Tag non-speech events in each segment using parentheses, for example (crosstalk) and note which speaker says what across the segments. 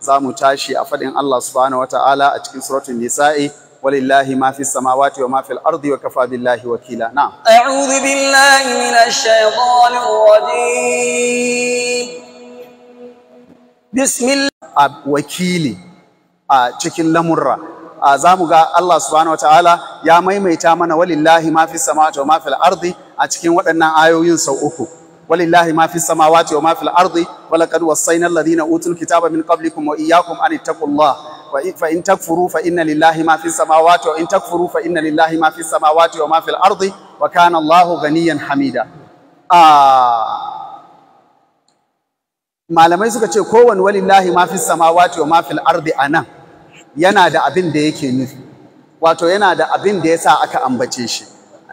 Speaker 1: za mu tashi a fadin Allah subhanahu wata'ala a cikin suratul nisa'i walillahi ma fis samawati wa ma fil ardi wa kafa billahi wakila na
Speaker 2: a'udhu billahi minash shaitanir rajim
Speaker 1: bismillah wakili a cikin lamurra za mu ga Allah subhanahu wataala ya maimaita mana walillahi ma fis samawati wa ma fil ardi a cikin waɗannan ayoyin sau uku walillahi ma fis samawati wa ma fil ardi wa laqad wassayna alladhina utul kitaba min qablikum wa iyyakum an ittaqullah wa fa in takfuru fa inna lillahi ma fis samawati wa in takfuru fa inna lillahi ma fis samawati wa ma fil ardi wa kana Allahu ghaniyan hamida ah. malamai suka ce kowane walillahi ma fis samawati wa ma fil ardi anan yana da abin da yake nufi wato yana da abin da yasa aka ambace shi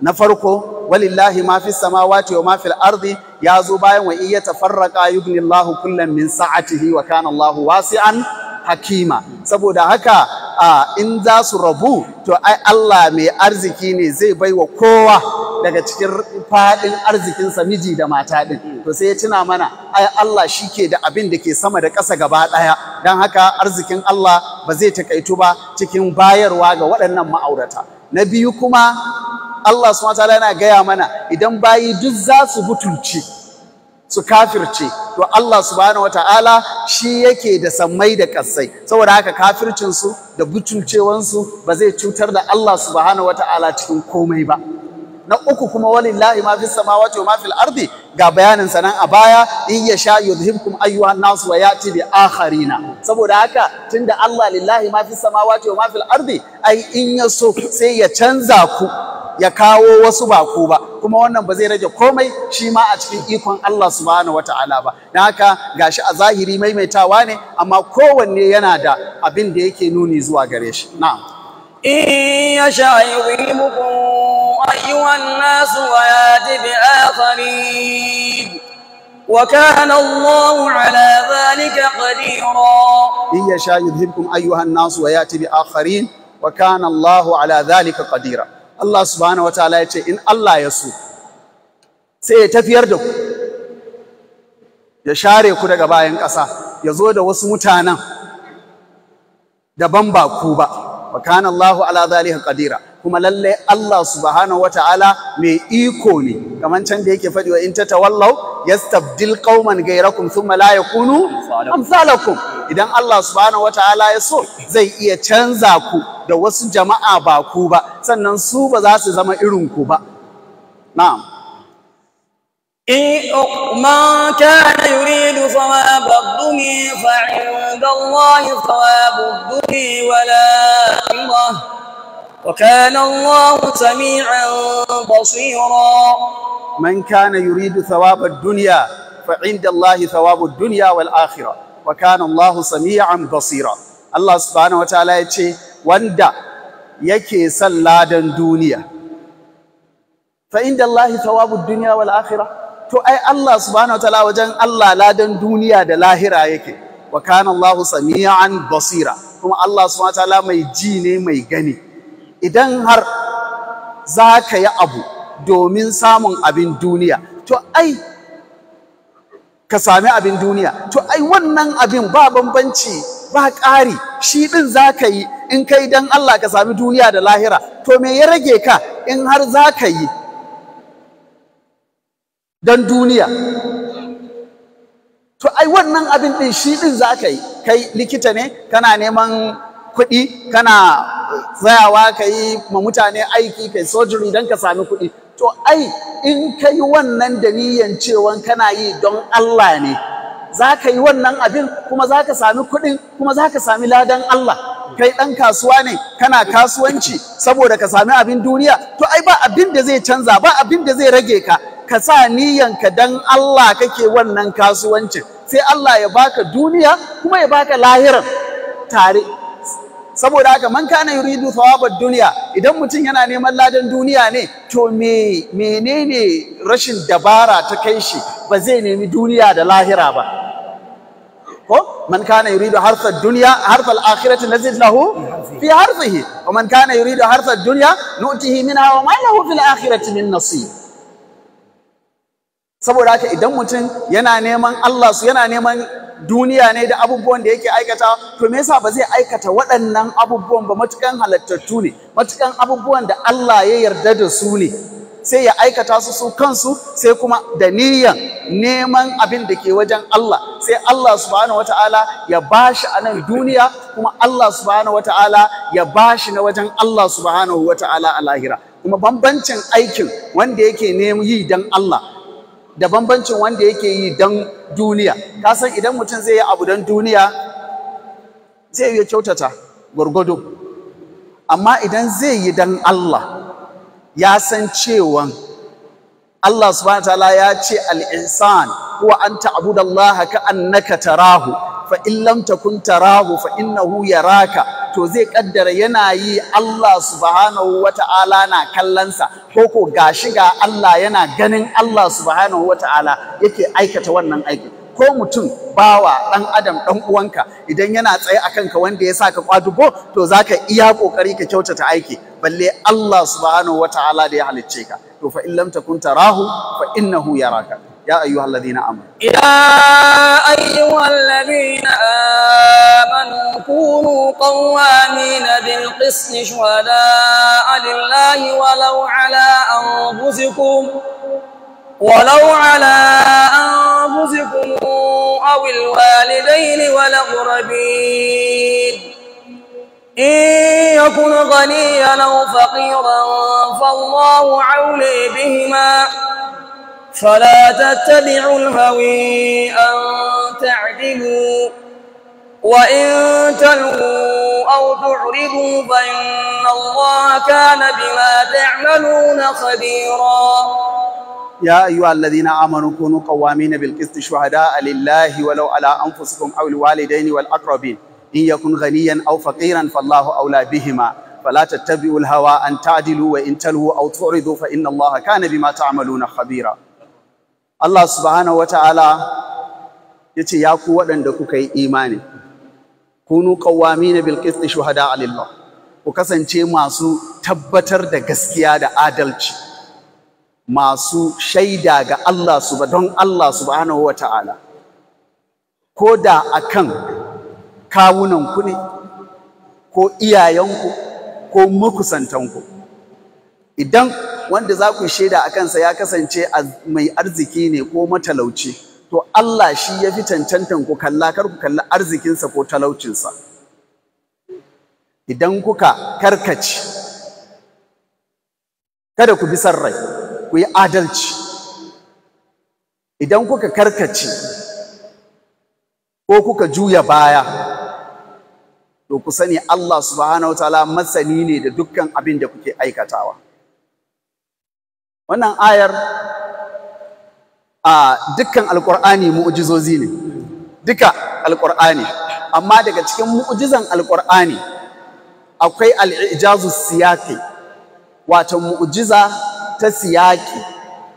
Speaker 1: na farko walillahi ma fi samawati wa ma fil ardi ya zo bayan wa iya tafarraqa yubni Allahu kullan min sa'atihi wa kana Allahu wasi'an hakima saboda haka in za su rabu to ai Allah mai arziki ne zai bai wa kowa daga cikin fadin arzikinsa miji da mata din to sai ya tuna mana ai Allah shike da abin da ke sama da ƙasa gaba ɗaya don haka arzikin Allah ba zai takaitu ba cikin bayarwa ga waɗannan ma'aurata na biyu kuma Allah subhanahu wataala yana gaya mana idan bayi duk za su butulce su kafirce to Allah subhanahu wataala shi yake da sammai da kassai saboda haka kafircinsu da butulcewansu ba zai cutar da Allah subhanahu wataala cikin komai ba na uku kuma walillahi ma fis samawati wa ma fil ardi ga bayanin sanan a baya in ya sha yudhibkum ayyuha nas wa yati bi akharina saboda haka tunda Allah lillahi ma fis samawati wa ma fil ardi ai in ya so sai ya canza ku ya kawo wasu ba ku ba kuma wannan ba zai rage komai shi ma a cikin ikon Allah subhanahu wataala ba don haka gashi a zahiri maimaitawa ne amma kowanne yana da abin da yake nuni zuwa gare shi na'am in ya
Speaker 2: yudhibkum أيها الناس ويات بآخرين
Speaker 1: وكان الله
Speaker 2: على ذلك قديرا
Speaker 1: إن يشاء يذهبكم أيها الناس ويأتي بآخرين وكان الله على ذلك قديرا الله سبحانه وتعالى يقول إن الله يسوء سيتفير دك يشاري كده قبائن قصة يزود وسمتانا دبنبا كوبا وكان الله على ذلك قديرا kuma lallai Allah subhanahu wataala mai iko ne Kamar can da yake faɗi wa in tatawallaw yastabdil qauman ghayrakum thumma la yakunu amsalakum idan Allah subhanahu wataala ya so zai iya canza ku da wasu jama'a ba ku ba sannan su ba za su zama irin ku ba na'am
Speaker 2: من كان يريد ثواب الدنيا فعند الله ثواب الدنيا والآخرة وكان الله سميعا بصيرا
Speaker 1: من كان يريد ثواب الدنيا فعند الله ثواب الدنيا والآخرة وكان الله سميعا بصيرا الله سبحانه وتعالى يتشي واندا يكي سلادا دنيا فعند الله ثواب الدنيا والآخرة تو أي الله سبحانه وتعالى وجن الله لادا دنيا دا لاهرة يكي وكان الله سميعا بصيرا كما الله سبحانه وتعالى ما يجيني ما يغني idan har za ka yi abu domin samun abin duniya to ai ka sami abin duniya to ai wannan abin ba bambanci ba ƙari shi ɗin za ka yi in kai don Allah ka sami duniya da lahira to me ya rage ka in har za ka yi don duniya to ai wannan abin ɗin shi ɗin za ka yi kai likita ne kana neman kuɗi kana tsayawa ka yi ma mutane aiki kai sojiri don ka sami kuɗi to ai in ka yi wannan da niyyan cewan kana yi don Allah ne za ka yi wannan abin kuma za ka sami kuɗin kuma za ka sami ladan Allah kai ɗan kasuwa ne kana kasuwanci saboda ka sami abin duniya to ai ba abin da zai canza ba abin da zai rage ka ka sa ka don Allah kake wannan kasuwanci sai Allah ya baka duniya kuma ya baka lahirar tare saboda haka man kana yuridu thawabad duniya idan mutum yana neman ladan duniya ne to me menene rashin dabara ta kai shi ba zai nemi duniya da lahira ba ko man kana yuridu harsa dunya harsa al-akhirati nazid lahu fi harsihi wa man kana yuridu harsa dunya nu'tihi minha wa ma lahu fil akhirati min nasib saboda haka idan mutum yana neman Allah su yana neman duniya ne da abubuwan da yake aikata to me yasa ba zai aikata waɗannan abubuwan ba matukan halattattu ne matukan abubuwan da Allah ya yarda da su ne sai ya aikata su su kansu sai kuma da niyyan neman abin da ke wajen Allah sai Allah subhanahu wataala ya bashi a nan duniya kuma Allah subhanahu wataala ya bashi na wajen Allah subhanahu wataala a lahira kuma bambancin aikin wanda yake neman yi dan Allah da bambancin wanda yake yi don duniya ka san idan mutum zai yi abu don duniya zai iya kyautata gwargwado amma idan zai yi don Allah ya san cewan Allah subhanahu wa ta'ala ya ce al-insan Kuwa an ta'budu Allah ka annaka tarahu fa in lam takun tarahu fa innahu yaraka to zai kaddara yana yi Allah subhanahu wata'ala na kallansa ko ko gashi ga Allah yana ganin Allah subhanahu wata'ala yake aikata wannan aikin ko mutum bawa ɗan adam ɗan uwanka idan yana tsaye a kanka wanda ya sa ka kwadugo to zaka iya kokari ka kyautata aiki balle Allah subhanahu wataala da ya halicce ka to fa in lam takun tarahu fa innahu yaraka يا أيها الذين آمنوا
Speaker 2: يا أيها الذين آمنوا كونوا قوامين بالقسط شهداء لله ولو على أنفسكم ولو على أنفسكم أو الوالدين والأقربين إن يكن غنيا أو فقيرا فالله عولي بهما فلا تتبعوا الهوي أن تعدلوا وإن
Speaker 1: تلووا
Speaker 2: أو تعرضوا فإن الله كان بما تعملون خبيرا
Speaker 1: يا أيها الذين آمنوا كونوا قوامين بالقسط شهداء لله ولو على أنفسكم أو الوالدين والأقربين إن يكن غنيا أو فقيرا فالله أولى بهما فلا تتبعوا الهوى أن تعدلوا وإن تلووا أو تعرضوا فإن الله كان بما تعملون خبيرا Allah subhanahu wata'ala ya ce ya ku waɗanda kuka yi imani kunu qawwamina bil qist shuhada lillah ku kasance masu tabbatar da gaskiya da adalci masu shaida ga Allah su don Allah subhanahu wata'ala ko da akan kawunan ku ne ko iyayenku ko makusantanku idan wanda za ku shaida a kansa ya kasance mai arziki ne ko matalauci to Allah shi ya fi cancantan ku kalla kar ku kalla arzikinsa ko talaucinsa idan kuka karkace kada ku bi rai ku yi adalci idan kuka karkace ko kuka juya baya to ku sani Allah subhanahu ta'ala masani ne da dukkan abin da kuke aikatawa wannan ayar a dukkan alkur'ani mu'ujizozi ne duka alkur'ani amma daga cikin mu'ujizan alkur'ani akwai al'ijazu siyaki wato mu'ujiza ta siyaki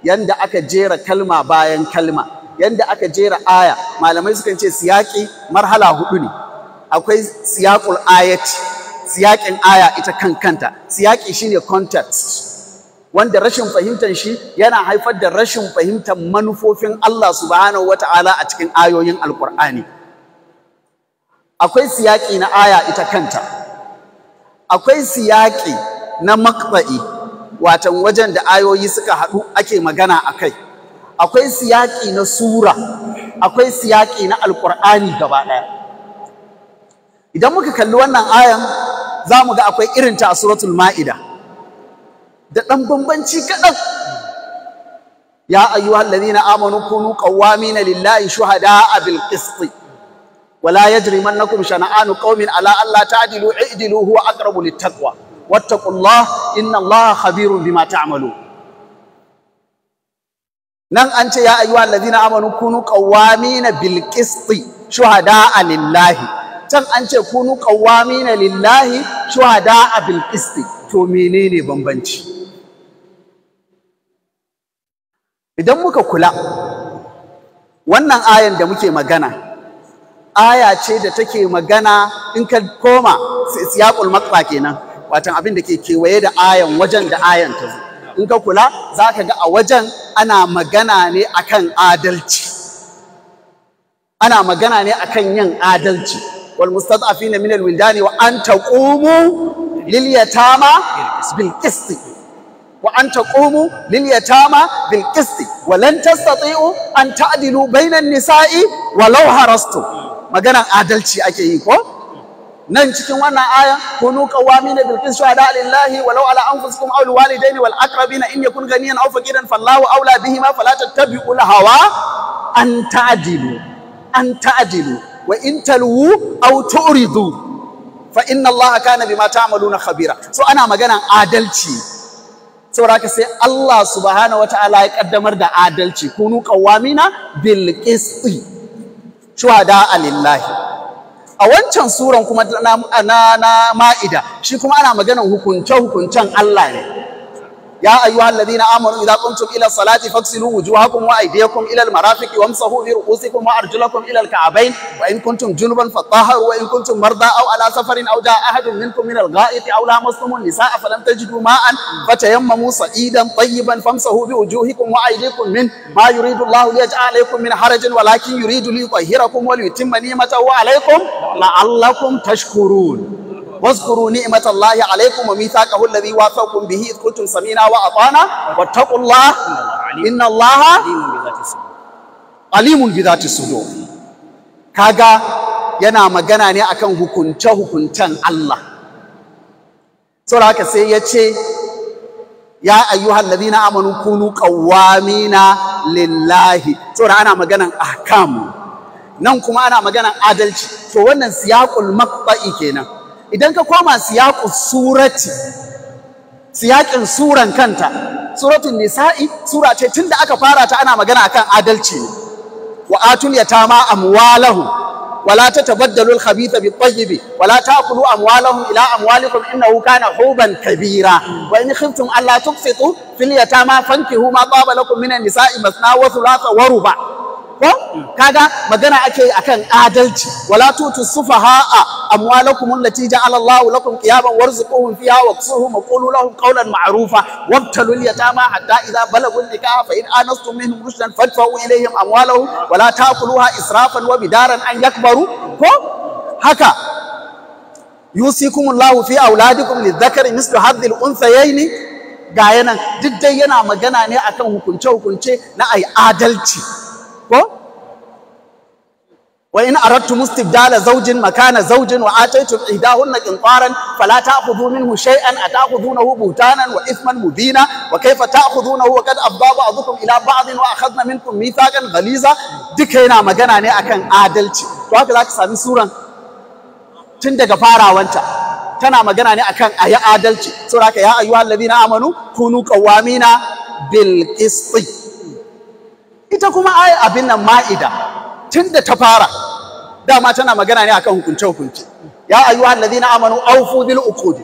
Speaker 1: yanda aka jera kalma bayan kalma yanda aka jera aya malamai sukan ce siyaki marhala hudu ne akwai siyakul ayat siyakin aya ita kan kanta siyaki shine context wanda rashin fahimtar shi yana haifar da rashin fahimtar manufofin Allah subhanahu ta'ala a cikin ayoyin alkur'ani akwai siyaƙi na aya ita kanta akwai siyaƙi na makba'i watan wajen da ayoyi suka haɗu ake magana a kai akwai siyaƙi na sura akwai siyaƙi na alkur'ani gaba ɗaya idan muka kalli wannan ayan za mu ga akwai irinta a suratul ma'ida da ɗan bambanci kaɗan ya ayyuhal ladina amanu kunu qawwamina lillahi shuhada'a bil qist wala yajrimannakum shana'anu qaumin ala alla ta'dilu i'dilu huwa aqrabu lit taqwa wattaqullah inna allaha khabirun bima ta'malun nan an ce ya ayyuhal ladina amanu kunu qawwamina bil qist shuhada'a lillahi can an ce kunu qawwamina lillahi shuhada bil qist to menene bambanci idan muka kula wannan ayan da muke magana aya ce da take magana in ka koma siyaqul maqta kenan watan abin da ke kewaye da ayan wajen da ayan ta zo in ka kula za ka ga a wajen ana magana ne akan adalci ana magana ne akan yin adalci wal mustad'afina min al wildani wa an taqumu lil yatama bil qisti wa an taqumu lil yatama bil qisti wa lan tastati'u an ta'dilu bainan nisa'i walau harastu maganan adalci ake yi ko nan cikin wannan aya kunu qawamina bil qisti shuhada lillahi walau ala anfusikum aw lil walidaini wal aqrabina in yakun ganiyan aw faqiran fallahu awla bihima Falata, tattabi'u al hawa an ta'dilu an ta'dilu wa in talwu tu'ridu fa inna allaha kana bima ta'maluna khabira so ana maganan adalci saboda haka sai Allah subhanahu wataala ya kaddamar da adalci kunu qawamina bil qisti da alillahi. a wancan suran kuma na, ma'ida shi kuma ana maganar hukunce hukuncen Allah ne يا أيها الذين آمنوا إذا قمتم إلى الصلاة فاغسلوا وجوهكم وأيديكم إلى المرافق وامسحوا برؤوسكم وأرجلكم إلى الكعبين وإن كنتم جنبا فطهروا وإن كنتم مرضى أو على سفر أو جاء أحد منكم من الغائط أو لامستم النساء فلم تجدوا ماء فتيمموا صعيدا طيبا فامسحوا بوجوهكم وأيديكم من ما يريد الله ليجعل عليكم من حرج ولكن يريد ليطهركم وليتم نعمته عليكم لعلكم تشكرون واذكروا نعمة الله عليكم وميثاقه الذي واثقكم به إذ كنتم سمينا وأطعنا واتقوا inna allaha alimun عليم بذات الصدور كاغا yana magana ne akan hukunta-hukuntan Allah. Saboda haka sai ya ce, Ya ayyuhal ladina amanu kunu qawwamina lillahi. Saboda ana maganan ahkam. Nan kuma ana maganan adalci. To wannan siyaqul maqta'i kenan. idan ka koma siyaqu surati suran kanta suratun nisa'i sura ce tunda aka fara ta ana magana akan adalci ne wa atul yatama amwalahu wala tatabaddalu al-khabitha bit-tayyib wala ta'kulu amwalahum ila amwalikum innahu kana huban kabira wa in khiftum alla tuqsitu fil yatama fankihu ma taba lakum minan nisa'i masna wa thulatha wa ruba' ko kaga magana ake akan adalci wala tutu sufaha amwalakum allati ja'ala Allahu lakum qiyaman warzuquhum fiha waqsuhum wa qulu lahum qawlan ma'rufa wabtalu al-yatama hatta idha balagu an-nikaha fa in anastum minhum rushdan fadfa'u ilayhim amwalahum wala ta'kuluha israfan wa bidaran an yakbaru ko haka yusikumullahu fi auladikum lidhakari mislu hadhi al-unthayayn ga yanan duk dai yana magana ne akan hukunce-hukunce na ai adalci ko wa in zaujin istibdala zawjin makana zawjin wa ataytum ihdahunna qintaran fala ta'khudhu minhu shay'an ata'khudhunahu butanan wa ithman mubina wa kayfa ta'khudhunahu wa qad afdha ba'dukum ila ba'din wa akhadna minkum mithaqan ghaliza duka yana magana ne akan adalci to haka zaka sami suran tun daga farawanta tana magana ne akan ayi adalci saboda haka ya ayyuhallazina amanu kunu qawamina bil qisti ita kuma ai abin nan ma'ida tun da ta fara dama tana magana ne akan hukunce hukunce يا أيها الذين آمنوا أوفوا بالعقود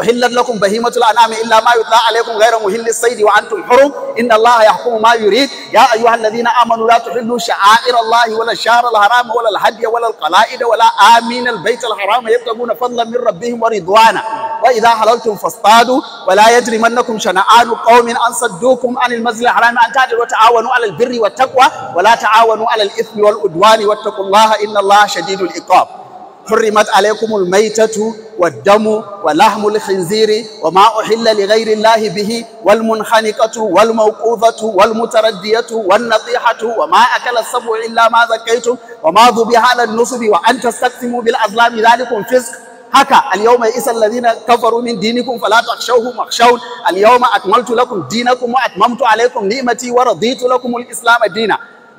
Speaker 1: أحلت لكم بهيمة الأنعام إلا ما يطلع عليكم غير مهل الصيد وأنتم حرم إن الله يحكم ما يريد يا أيها الذين آمنوا لا تحلوا شعائر الله ولا الشهر الحرام ولا الهدي ولا القلائد ولا آمين البيت الحرام يبتغون فضلا من ربهم ورضوانا وإذا حللتم فاصطادوا ولا يجرمنكم شنآن قوم أن صدوكم عن المسجد الحرام أن تعدلوا وتعاونوا على البر والتقوى ولا تعاونوا على الإثم والعدوان واتقوا الله إن الله شديد العقاب حرمت عليكم الميتة والدم ولحم الخنزير وما أحل لغير الله به والمنخنقة والموقوذة والمتردية والنطيحة وما أكل السبع إلا ما زكيتم وما ذبح على النصب وأن تستقسموا بالأزلام ذلكم فسق haka alyawma isa alladhina kafaru min dinikum fala takhshawhum wakhshawun alyawma akmaltu lakum dinakum wa atmamtu alaykum ni'mati wa raditu lakum al-islam dinan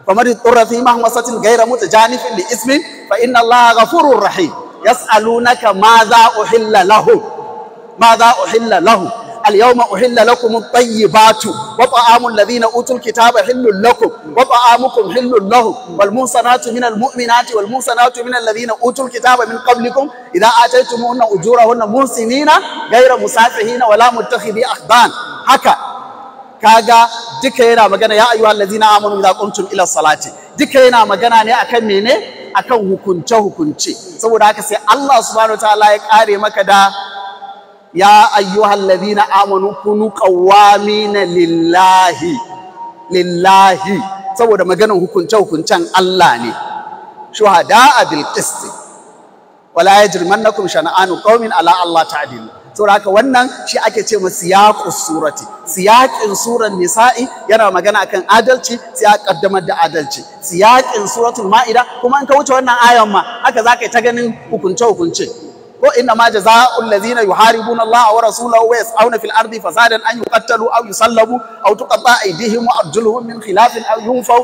Speaker 1: kamar turra fi mahmasatin gaira mutu janifin li ismin fa inna allaha ghafurur rahim yas'alunaka ma za uhilla lahu ma za uhilla lahu al yawma uhilla lakum at-tayyibatu wa ta'amu alladhina utul kitaba hillun lakum wa ta'amukum hillun lahum wal musanatu min al mu'minati wal musanatu min alladhina utul kitaba min qablikum idha ataytumuhunna ujurahunna musinina ghayra musafihina wala muttakhidhi akhdan haka ka ga. duka yana magana ya ayyuhal ladzina amanu idza qumtum ila salati duka yana magana ne akan mene akan hukunce hukunce saboda haka sai Allah subhanahu wataala ya kare maka da ya ayyuhal ladzina amanu kunu qawamin lillahi lillahi saboda maganan hukunce hukuncen Allah ne shuhada bil qist wala yajrimannakum shana'anu qawmin ala Allah ta'dilu saboda haka wannan shi ake ce ma siyaqus surati siyaqin surar nisa'i yana magana akan adalci sai a kaddamar da adalci siyaqin suratul ma'ida kuma in ka wuce wannan ayan ma haka zaka yi ta ganin hukunce hukunce ko inna ma jazaa'ul ladzina yuharibuna Allah wa rasulahu wa yas'auna fil ardi fasadan an yuqattalu aw yusallabu aw tuqatta aydihim wa arjuluhum min khilafin aw yunfaw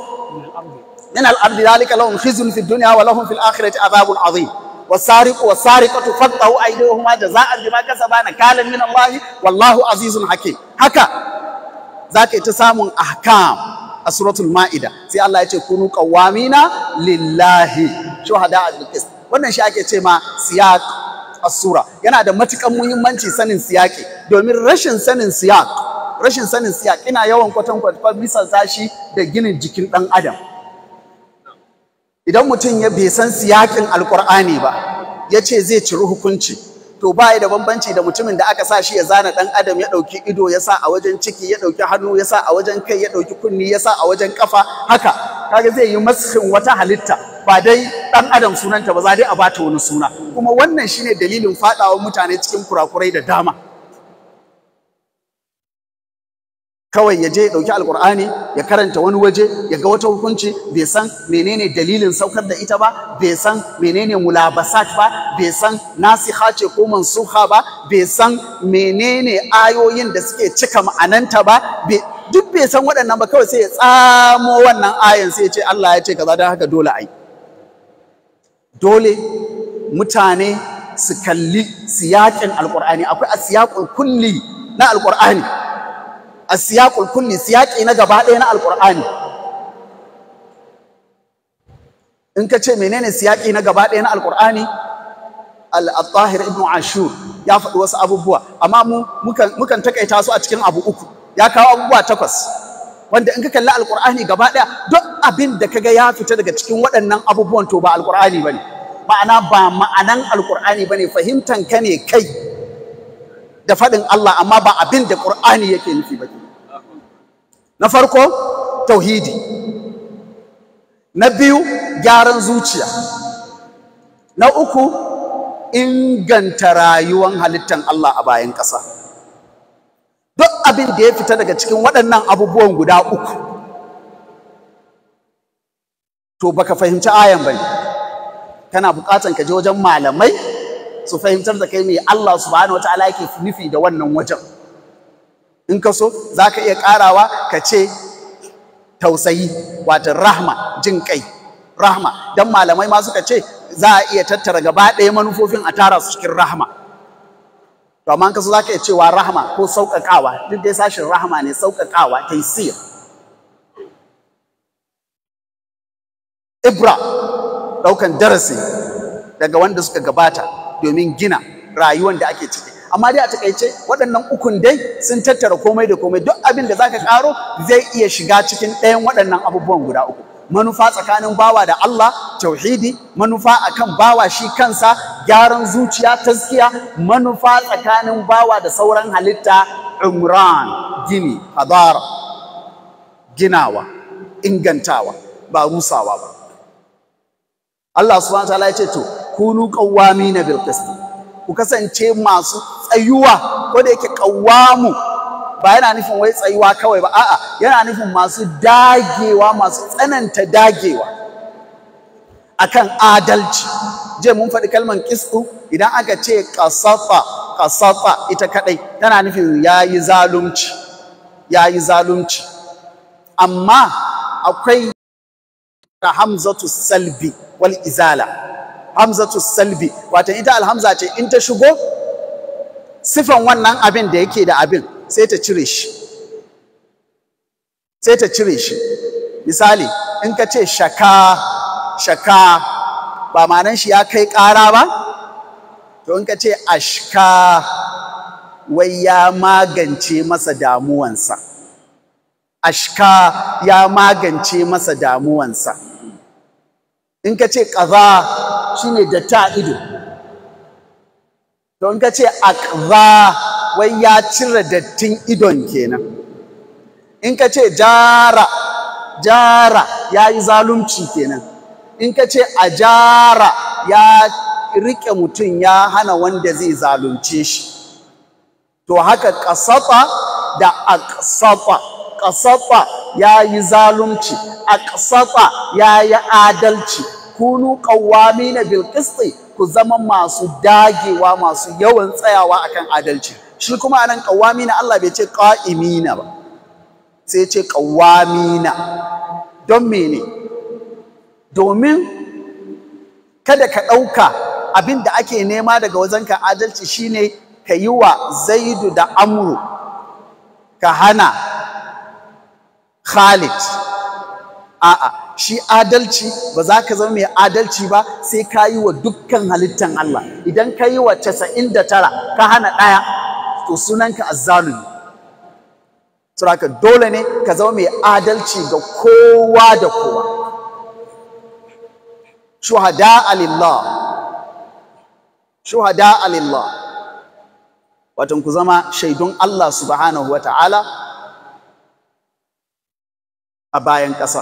Speaker 1: min al-ardi dhalika lahum khizyun fid dunya wa lahum fil akhirati adhabun adhim wasariku wasariqatu faqtahu aydihuma jazaa'an bima kasaba nakalan min Allah wallahu azizun hakim haka zaka ita samun ahkam a suratul maida sai Allah ya ce kunu qawamina lillahi shuhada al qist wannan shi ake ce ma siyaq asura. yana da matukan muhimmanci sanin siyaqi domin rashin sanin siyaq rashin sanin siyaq ina yawan kwatan kwatan misal zashi da ginin jikin dan adam idan mutum ya bai san siyakin alkur'ani ba ya ce zai ciri hukunci to ba da bambanci da mutumin da aka sa shi ya zana ɗan adam ya ɗauki ido ya sa a wajen ciki ya ɗauki hannu ya sa a wajen kai ya ɗauki kunni ya sa a wajen kafa haka kaga zai yi maskin wata halitta ba dai ɗan adam sunanta ba za dai a bata wani suna kuma wannan shine dalilin fadawa mutane cikin kurakurai da dama kawai ya je ya ɗauki alkur'ani ya karanta wani waje ya ga wata hukunci bai san menene dalilin saukar da ita ba bai san menene mulabasat ba bai san nasiha ce ko mansuha ba bai san menene ayoyin da suke cika ma'ananta ba duk bai san waɗannan ba kawai sai ya tsamo wannan ayan sai ya ce Allah ya ce kaza dan haka dole ai dole mutane su kalli siyaƙin alkur'ani akwai asiyaqul kulli na alkur'ani asiyaqul kulli siyaqi na gaba ɗaya na alqur'ani in ka ce menene siyaqi na gaba ɗaya na alqur'ani al-tahir ibn ashur ya faɗi wasu abubuwa amma mu mukan mukan takaita su a cikin abu uku ya kawo abubuwa takwas wanda in ka kalli alqur'ani gaba ɗaya duk abin da kaga ya fita daga cikin waɗannan abubuwan to ba alqur'ani bane ma'ana ba ma'anan alqur'ani bane fahimtan ka ne kai da faɗin Allah amma ba abin da Qur'ani yake nufi ba na farko tauhidi na biyu gyaran zuciya na uku inganta rayuwan halittar Allah a bayan ƙasa duk abin da ya fita daga cikin waɗannan abubuwan guda uku to baka fahimci ayan bane kana buƙatar ka je wajen malamai su fahimtar da kai me Allah subhanahu wataala yake nufi da wannan wajen in ka so za ka iya ƙarawa ka ce tausayi wato rahma jin kai rahma don malamai ma suka ce za a iya tattara gaba ɗaya manufofin a tara su cikin rahma to amma ka so za ka iya cewa rahma ko sauƙaƙawa duk dai sashin rahma ne sauƙaƙawa taisir ibra ɗaukan darasi daga wanda suka gabata domin gina rayuwar da ake ciki amma dai a takaice waɗannan ukun dai sun tattara komai da komai duk abin da zaka karo zai iya shiga cikin ɗayan waɗannan abubuwan guda uku manufa tsakanin bawa da Allah tauhidi manufa akan bawa shi kansa gyaran zuciya taskiya manufa tsakanin bawa da sauran halitta umran gini hadara ginawa ingantawa ba rusawa ba Allah subhanahu wa ta'ala ya ce to kunu qawwamina bil qist ku kasance masu tsayuwa ko da yake kawamu ba yana nufin wai tsayuwa kawai ba a'a yana nufin masu dagewa masu tsananta dagewa akan adalci je mun faɗi kalman kisku idan aka ce kasafa kasafa ita kadai tana nufin yayi zalunci yayi zalunci amma akwai hamzatu salbi wal izala hamzatu salbi wato ita alhamza ce in ta shigo sifan wannan abin da yake da abin sai ta cire shi sai ta cire shi misali in ka ce shaka shaka ba ma'anan shi ya kai ƙara ba to in ka ce ashka wai ya magance masa damuwansa ashka ya magance masa damuwansa in ka ce ƙaza shi ne da ta ido to in ka ce a ƙaza wai ya cire dattin idon kenan in ka ce jara jara ya yi zalunci kenan in ka ce a jara ya riƙe mutum ya hana wanda zai zalunce shi to haka ƙasafa da ƙasafa ƙasafa ya yi zalunci aqsata ya yi adalci kunu ƙawami na qisti ku zama masu dagewa masu yawan tsayawa akan adalci shi kuma anan na, Allah bai ce qa'imina ba sai ce na. don mene domin kada ka ɗauka abin da ake nema daga wajenka adalci shine ka yi wa zaidu da amru ka hana Khalid a'a shi adalci ba za ka zama mai adalci ba sai ka yi wa dukkan halittan Allah idan ka yi wa casa'in da tara ka hana ɗaya to sunanka azzalumi Turaka dole ne ka zama mai adalci ga kowa da kowa shuhada alillah shuhada alillah watan ku zama shaidun Allah subhanahu ta'ala. a bayan ƙasa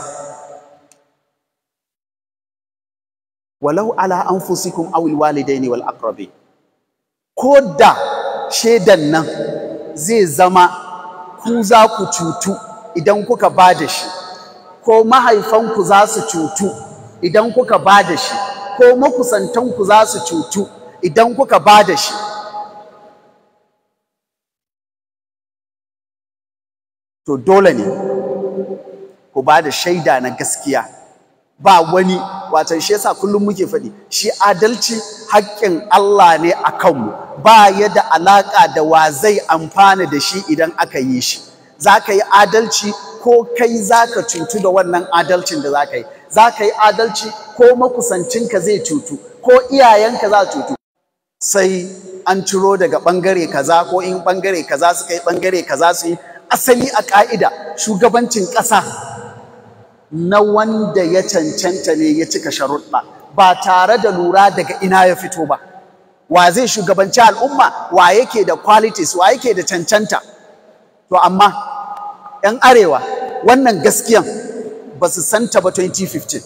Speaker 1: walau ala an anfusikum awil walidaini wal walakrabe ko da shaidan nan zai zama ku za ku cutu idan kuka ba da shi ko mahaifanku za su cutu idan kuka ba da shi ko makusantanku za su cutu idan kuka ba da shi to dole ne ku ba da shaida na gaskiya ba wani watan shi yasa kullum muke faɗi shi adalci haƙƙin Allah ne a kanmu ba ya da alaƙa da wa zai amfana da shi idan aka yi shi za ka yi adalci ko kai za ka cutu da wannan adalcin da za ka yi za ka yi adalci ko makusancinka zai cutu ko iyayenka za cutu sai an ciro daga ɓangare kaza ko in ɓangare kaza suka yi ɓangare kaza su yi asali a ƙa'ida shugabancin ƙasa na wanda ya cancanta ne ya cika sharuɗa ba tare da lura daga ina ya fito ba wa zai shugabanci al'umma wa yake da qualities wa yake da cancanta to amma 'yan arewa wannan gaskiyan ba su santa ba 2015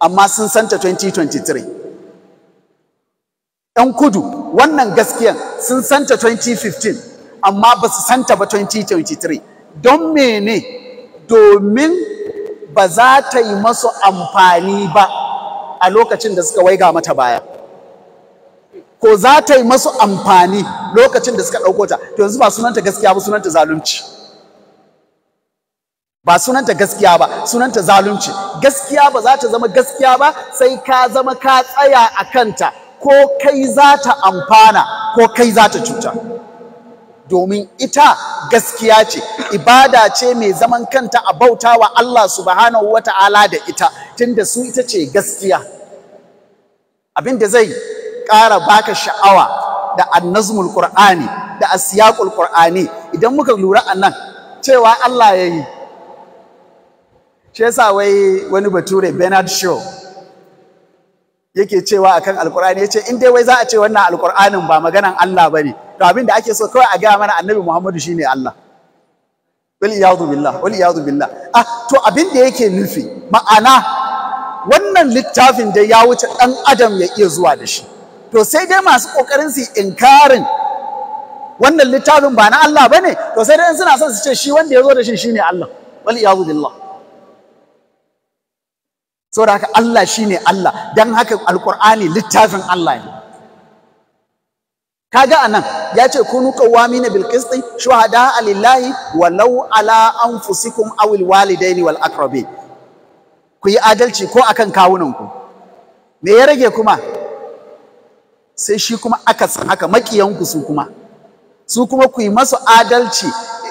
Speaker 1: amma sun santa 2023 'yan kudu wannan gaskiyan sun santa 2015 amma ba su santa ba 2023 don mene domin ba za ta yi masu amfani ba a lokacin da suka waiga mata baya ko za ta yi masu amfani lokacin da suka ɗauko ta to yanzu ba sunanta gaskiya ba sunanta zalunci ba sunanta gaskiya ba sunanta zalunci gaskiya ba za ta zama gaskiya ba sai ka zama ka tsaya a kanta ko kai za ta amfana ko kai za ta cuta domin ita gaskiya ce ibada ce mai zaman kanta a bauta wa Allah subhanahu wata'ala da ita tunda su ita ce gaskiya abin da zai ƙara baka sha'awa da annazmul qur'ani da asyaqul qur'ani idan muka lura anan cewa Allah yayi shi yasa wai wani bature Bernard Shaw yake cewa akan alqur'ani yace in dai wai za a ce wannan alqur'anin ba maganan Allah bane to abin da ake so kawai a gaya mana annabi Muhammadu shine Allah wal iyadu billah wal iyadu billah ah to abin da yake nufi ma'ana wannan littafin da ya wuce ɗan adam ya iya zuwa da shi to sai dai masu kokarin su inkarin wannan littafin ba na Allah ba ne? to sai dai suna son su ce shi wanda ya zo da shi shine Allah wal iyadu billah saboda haka Allah shine Allah dan haka alqur'ani littafin Allah ne kaga anan ya ce kunu qawamina bil qisti shuhada lillahi law ala anfusikum aw al walidaini wal aqrabi ku yi adalci ko akan kawunanku me ya rage kuma sai shi kuma aka san makiyan ku su kuma su kuma ku yi masu adalci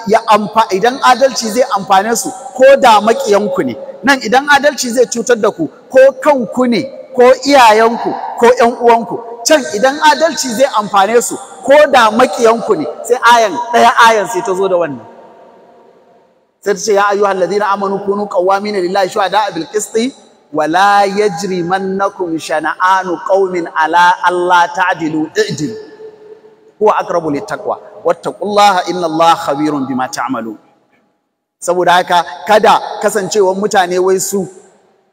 Speaker 1: ya amfa idan adalci zai amfane su ko da maƙiyanku ne nan idan adalci zai cutar da ku ko kanku ne ko iyayenku ko ƴan uwanku can idan adalci zai amfane su ko da makiyanku ne sai ayan ɗaya ayan sai ta zo da wannan sai ta ce ya ayyuhal ladina amanu kunu qawamin lillahi shuhada bil qisti wa la yajrimannakum shana'anu qaumin ala allah ta'dilu i'dil huwa aqrabu taqwa wattaqullaha allaha khabirun bima ta'malu saboda haka kada kasancewar mutane wai su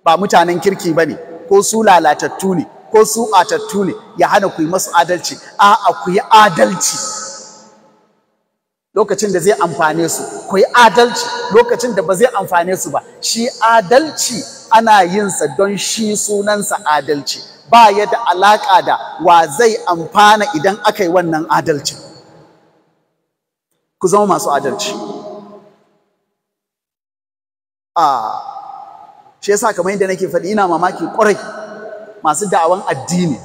Speaker 1: ba mutanen kirki bane ko su lalatattu ne ko su atattu ne ya hana ku yi masu adalci a'a ku yi adalci lokacin da zai amfane su ku yi adalci lokacin da ba zai amfane su ba shi adalci ana yinsa don shi sunansa adalci ba ya da alaƙa da wa zai amfana idan aka yi wannan adalci ku zama masu adalci a shi yasa kamar yadda nake faɗi ina mamaki ƙwarai masu da'awan addini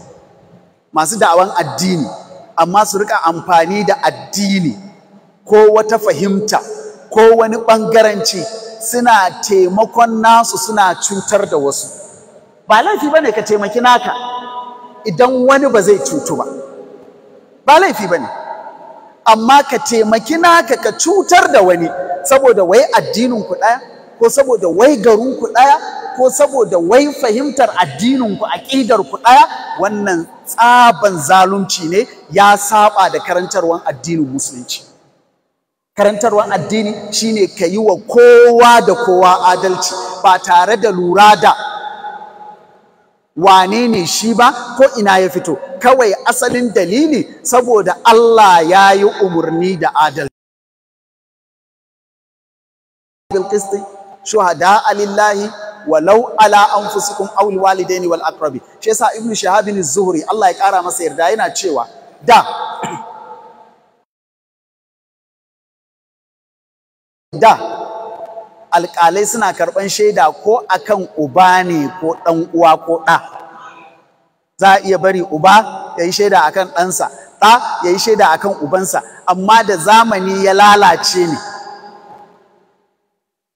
Speaker 1: masu da'awan addini amma su rika amfani da addini ko wata fahimta ko wani ɓangaranci, suna taimakon nasu suna cutar da wasu ba laifi bane ka taimaki naka idan wani ba zai cutu ba ba laifi bane amma ka taimaki naka ka cutar da wani saboda wai addinin ku ɗaya ko saboda wai garunku ɗaya ko saboda wai fahimtar addinin ku aƙidar ku ɗaya wannan tsaban zalunci ne ya saba da karantarwan addinin musulunci karantarwan addini shine ka yi wa kowa da kowa adalci ba tare da lura da wane ne shi ba ko ina ya fito kawai asalin dalili saboda Allah ya yi umarni da adalci. shuhada alillahi walau ala anfusikum aw alwalidaini wal aqrabi shi yasa ibn shahab bin zuhri Allah ya kara masa yarda yana cewa da da alƙalai suna karɓan shaida ko akan uba ne ko ɗan uwa ko ɗa za a iya bari uba ya yi shaida akan ɗansa ɗa ya yi shaida akan ubansa amma da zamani ya lalace ne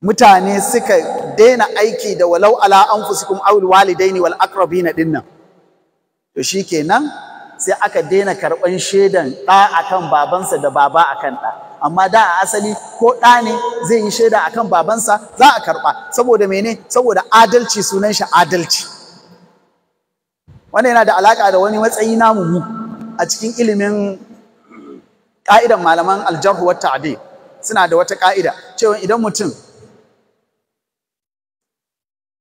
Speaker 1: mutane suka daina aiki da walau ala anfusikum aw walidaini wal na dinnan to shi kenan sai aka daina karban ɗa da akan babansa da baba akan ɗa. amma da a asali ko ɗa ne zai yi shaida a kan babansa za a karɓa, saboda mene saboda adalci sunan shi adalci wannan yana da alaka da wani matsayi namu mu a cikin ilimin ƙa'idan malaman aljarhu wata ta'dil suna da wata ƙa'ida, cewa idan mutum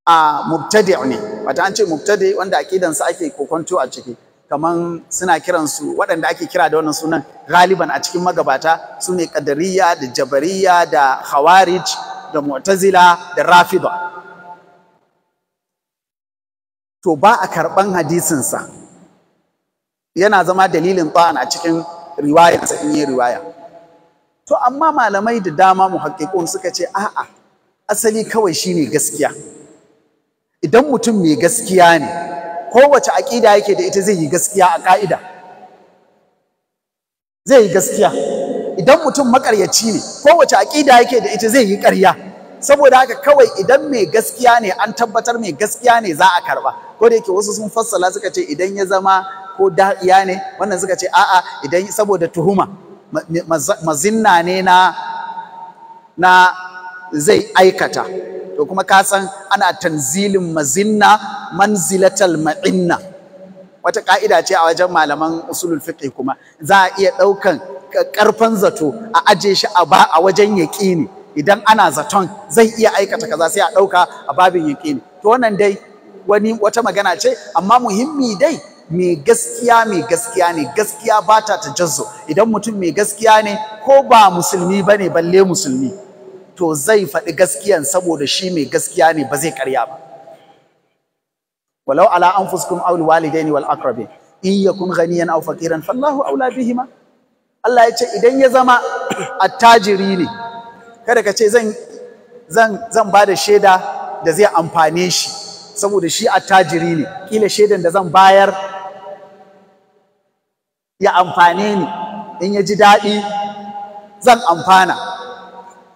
Speaker 1: a mubtadi' ne wata an ce mubtadi' wanda sa ake kokonto a ciki kaman suna kiransu waɗanda ake kira da wannan sunan galiban a cikin magabata su ne ƙadariya da jabariya da khawarij da mu'tazila da rafida to ba a karɓan hadisinsa yana zama dalilin ta'an a cikin riwayarsa in yi riwaya to amma malamai da dama muhakkikun suka ce a'a asali kawai shine gaskiya idan mutum mai gaskiya ne kowace aƙida yake da ita zai yi gaskiya a ƙa'ida zai yi gaskiya idan mutum maƙaryaci ne kowace aƙida yake da ita zai yi ƙarya saboda haka kawai idan mai gaskiya ne an tabbatar mai gaskiya ne za a karɓa. ko da yake wasu sun fassala suka ce idan ya zama ko da'iya ne wannan suka ce a'a idan saboda tuhuma mazinna ne na zai aikata kuma ka san ana tanzilin mazinna manzilatal ma'inna wata ka'ida ce a wajen malaman usulul fiqh kuma za a iya ɗaukan ƙarfan zato a aje shi a ba a wajen yaƙini idan ana zaton zai iya aikata kaza sai a ɗauka a babin yaƙini to wannan dai wani wata magana ce amma muhimmi dai mai gaskiya mai gaskiya ne gaskiya ba ta jazzo. idan mutum mai gaskiya ne ko ba musulmi bane balle musulmi to zai faɗi gaskiyan saboda shi mai gaskiya ne ba zai karya ba walau ala anfusikum aw alwalidaini wal aqrabin in yakun ghaniyan aw faqiran fallahu aula bihima Allah ya ce idan ya zama (coughs) attajiri ne kada ka ce zan zan zan bada shaida da zai amfane shi saboda shi attajiri ne kila shaidan da zan bayar ya amfane ni in ya ji daɗi zan amfana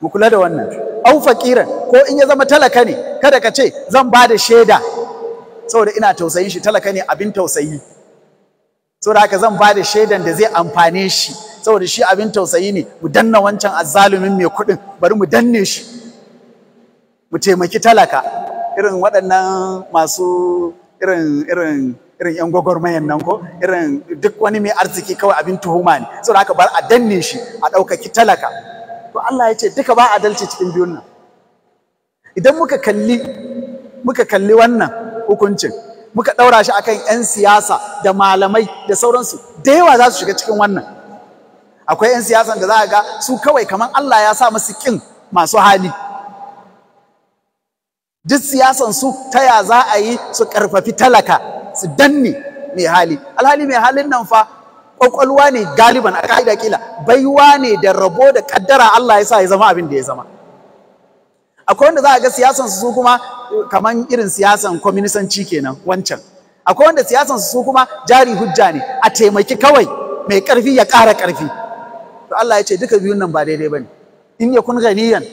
Speaker 1: mu kula da wannan au fakiran ko in ya zama talaka ne kada ka ce zan ba da shaida saboda ina tausayin shi talaka ne abin tausayi saboda haka zan ba da shaidan da zai amfane shi saboda shi abin tausayi ne mu danna wancan azzalumin mai kuɗin bari mu danne shi mu taimaki talaka irin waɗannan masu irin irin irin yan gwagwarmayan nan ko irin duk wani mai arziki kawai abin tuhuma ne saboda haka bar a danne shi a ɗaukaki talaka Allah ya ce duka ba adalci cikin biyun nan idan muka kalli muka kalli wannan hukuncin muka ɗaura shi akan 'yan siyasa da malamai da sauransu da yawa za su shiga cikin wannan akwai 'yan siyasan da za a ga su kawai kamar Allah ya sa musu kin masu hali duk siyasan su ta ya za a yi su karfafi talaka su danne mai hali alhali mai halin nan fa kwakwalwa ne galiban a ka'ida kila baiwa ne da rabo da kaddara Allah ya sa ya zama abin da ya zama akwai wanda za a ga siyasan su kuma kaman irin siyasan kwaminisanci kenan wancan akwai wanda siyasan su kuma jari hujja ne a taimaki kawai mai karfi ya kara karfi to Allah ya ce duka biyun nan ba daidai bane in yakun ganiyan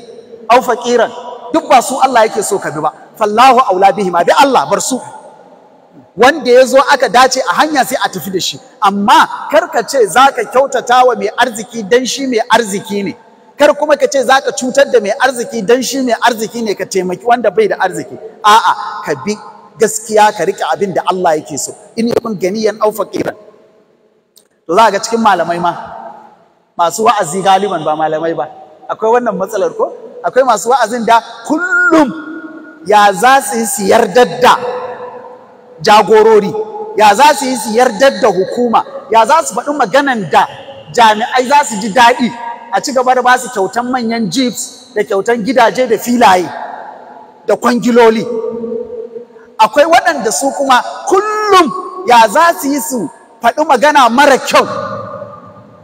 Speaker 1: aw faqiran duk ba su Allah yake so ka bi ba fallahu aula bihima bi Allah bar su wanda ya zo aka dace a hanya sai a tafi da shi amma kar ka ce za ka kyautata wa mai arziki dan shi mai arziki ne kar kuma ka ce za ka cutar da mai arziki dan shi mai arziki ne ka taimaki wanda bai da arziki a'a ka bi gaskiya ka riƙe abin da Allah yake so in yakun yan aufa kira to za ga cikin malamai ma masu wa'azi galiban ba malamai ba akwai wannan matsalar ko akwai masu wa'azin da kullum ya za su yi siyar dadda jagorori ya za su yi su yardar da hukuma ya za su faɗi maganan da jami'ai za su ji daɗi a ci gaba da ba su kyautan manyan jeeps da kyautan gidaje da filaye da kwangiloli akwai waɗanda su kuma kullum ya za su yi su faɗi magana mara kyau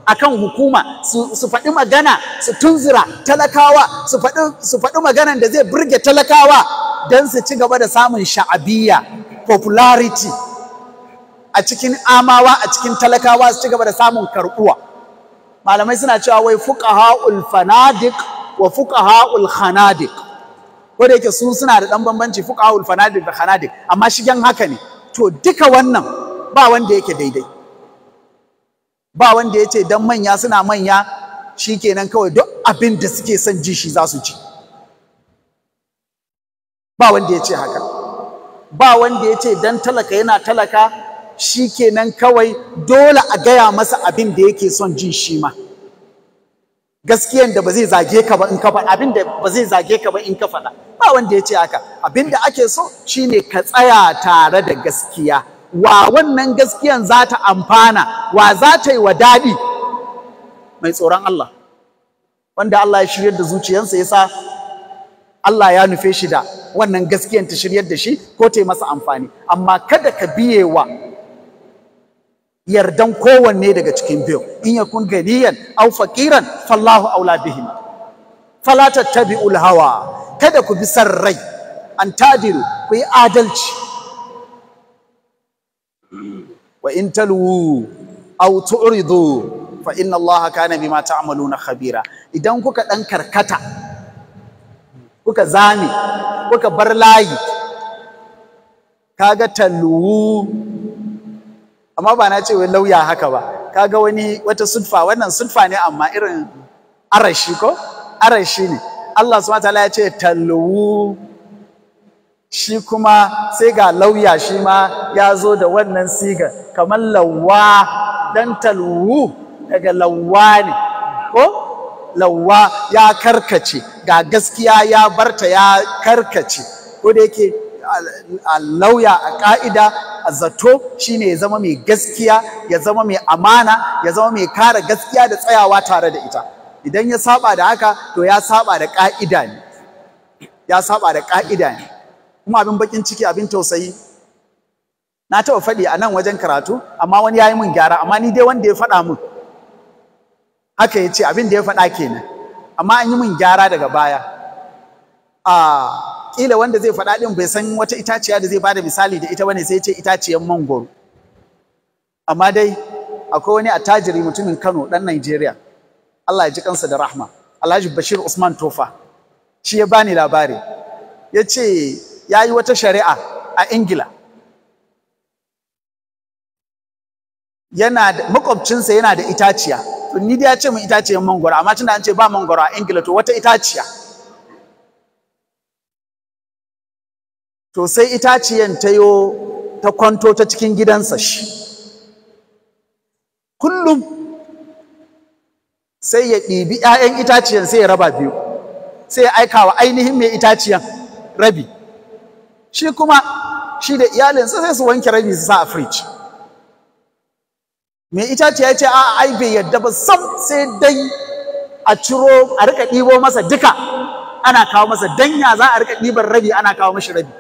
Speaker 1: akan hukuma su faɗi magana su tunzura talakawa su faɗi maganan da zai burge talakawa don su ci gaba da samun sha'abiyya popularity a cikin amawa a cikin talakawa su ci gaba da samun karbuwa malamai suna cewa wai fuqaha'ul fanadik wa fuqaha'ul khanadik ko da yake su suna da dan bambanci fuqaha'ul fanadik da khanadik amma shigen haka ne to duka wannan ba wanda yake daidai ba wanda yace dan manya suna manya shikenan kawai duk abin da suke son ji shi za su ci ba wanda yace haka ba wanda ya ce dan talaka yana talaka shi kenan kawai dole a gaya masa abin da yake son jin shi ma gaskiyan da ba zai zage ka ba in ka faɗa abin da ba zai zage ka ba in ka faɗa ba wanda ya ce haka abin da ake so shine ka tsaya tare da gaskiya wa wannan gaskiyan za ta amfana wa za ta yi wa daɗi mai tsoron Allah wanda Allah ya shirya da zuciyarsa ya sa Allah ya nufe shi da wannan gaskiyan ta shiryar da shi ko ta yi masa amfani amma kada ka biye wa yardan kowanne daga cikin biyu in yakun ganiyan aw faqiran fallahu aula bihim fala tattabi'ul hawa kada ku bi san rai an tadiru, ku yi adalci wa in talwu aw tu'ridu fa inna allaha kana bima ta'maluna khabira idan kuka dan karkata kuka zame kuka bar layi kaga talwu amma ba na ce wai lauya haka ba kaga wani wata sulfa wannan sulfa ne amma irin arashi ko arashi ne Allah subhanahu wataala ya ce talwu shi kuma sai ga lauya shi ma ya zo da wannan siga kamar lawa dan talwu daga lawa ne ko lawa ya karkace ga gaskiya ya barta ya karkace ko da yake a lauya a ƙa'ida a zato shine ya zama mai gaskiya ya zama mai amana ya zama mai kare gaskiya da tsayawa tare da ita idan ya saba da haka to ya saba da ka'ida ne ya saba da ka'ida ne kuma abin bakin ciki abin tausayi na taɓa faɗi a nan wajen karatu amma wani ya yi min gyara amma ni dai wanda ya faɗa mun. haka ya ce abin da ya faɗa kenan amma an yi min gyara daga baya a kila wanda zai faɗa ɗin bai san wata itaciya da zai ba da misali da ita bane sai ce itaciyar mangoro amma dai akwai wani attajiri mutumin Kano ɗan Najeriya Allah ya ji kansa da rahma Alhaji Bashir Usman Tofa shi ya bani labari ya ce ya yi wata shari'a a Ingila yana makwabcinsa yana da itaciya to ni dai ya ce min itaciyar mangoro amma tunda an ce ba mangoro a ingila to wata itaciya to sai itaciyan ta yo ta kwanto ta cikin gidansa shi kullum sai ya ɗibi 'ya'yan itaciyan sai ya raba biyu sai ya aika wa ainihin mai itaciyan rabi shi kuma shi da iyalinsa sai su wanke rabi su sa a fridge mai itaciya ya ce a ai bai yadda ba sam sai dai a ciro a rika ɗibo masa duka ana kawo masa danya za a rika ɗiban rabi ana kawo mashi rabi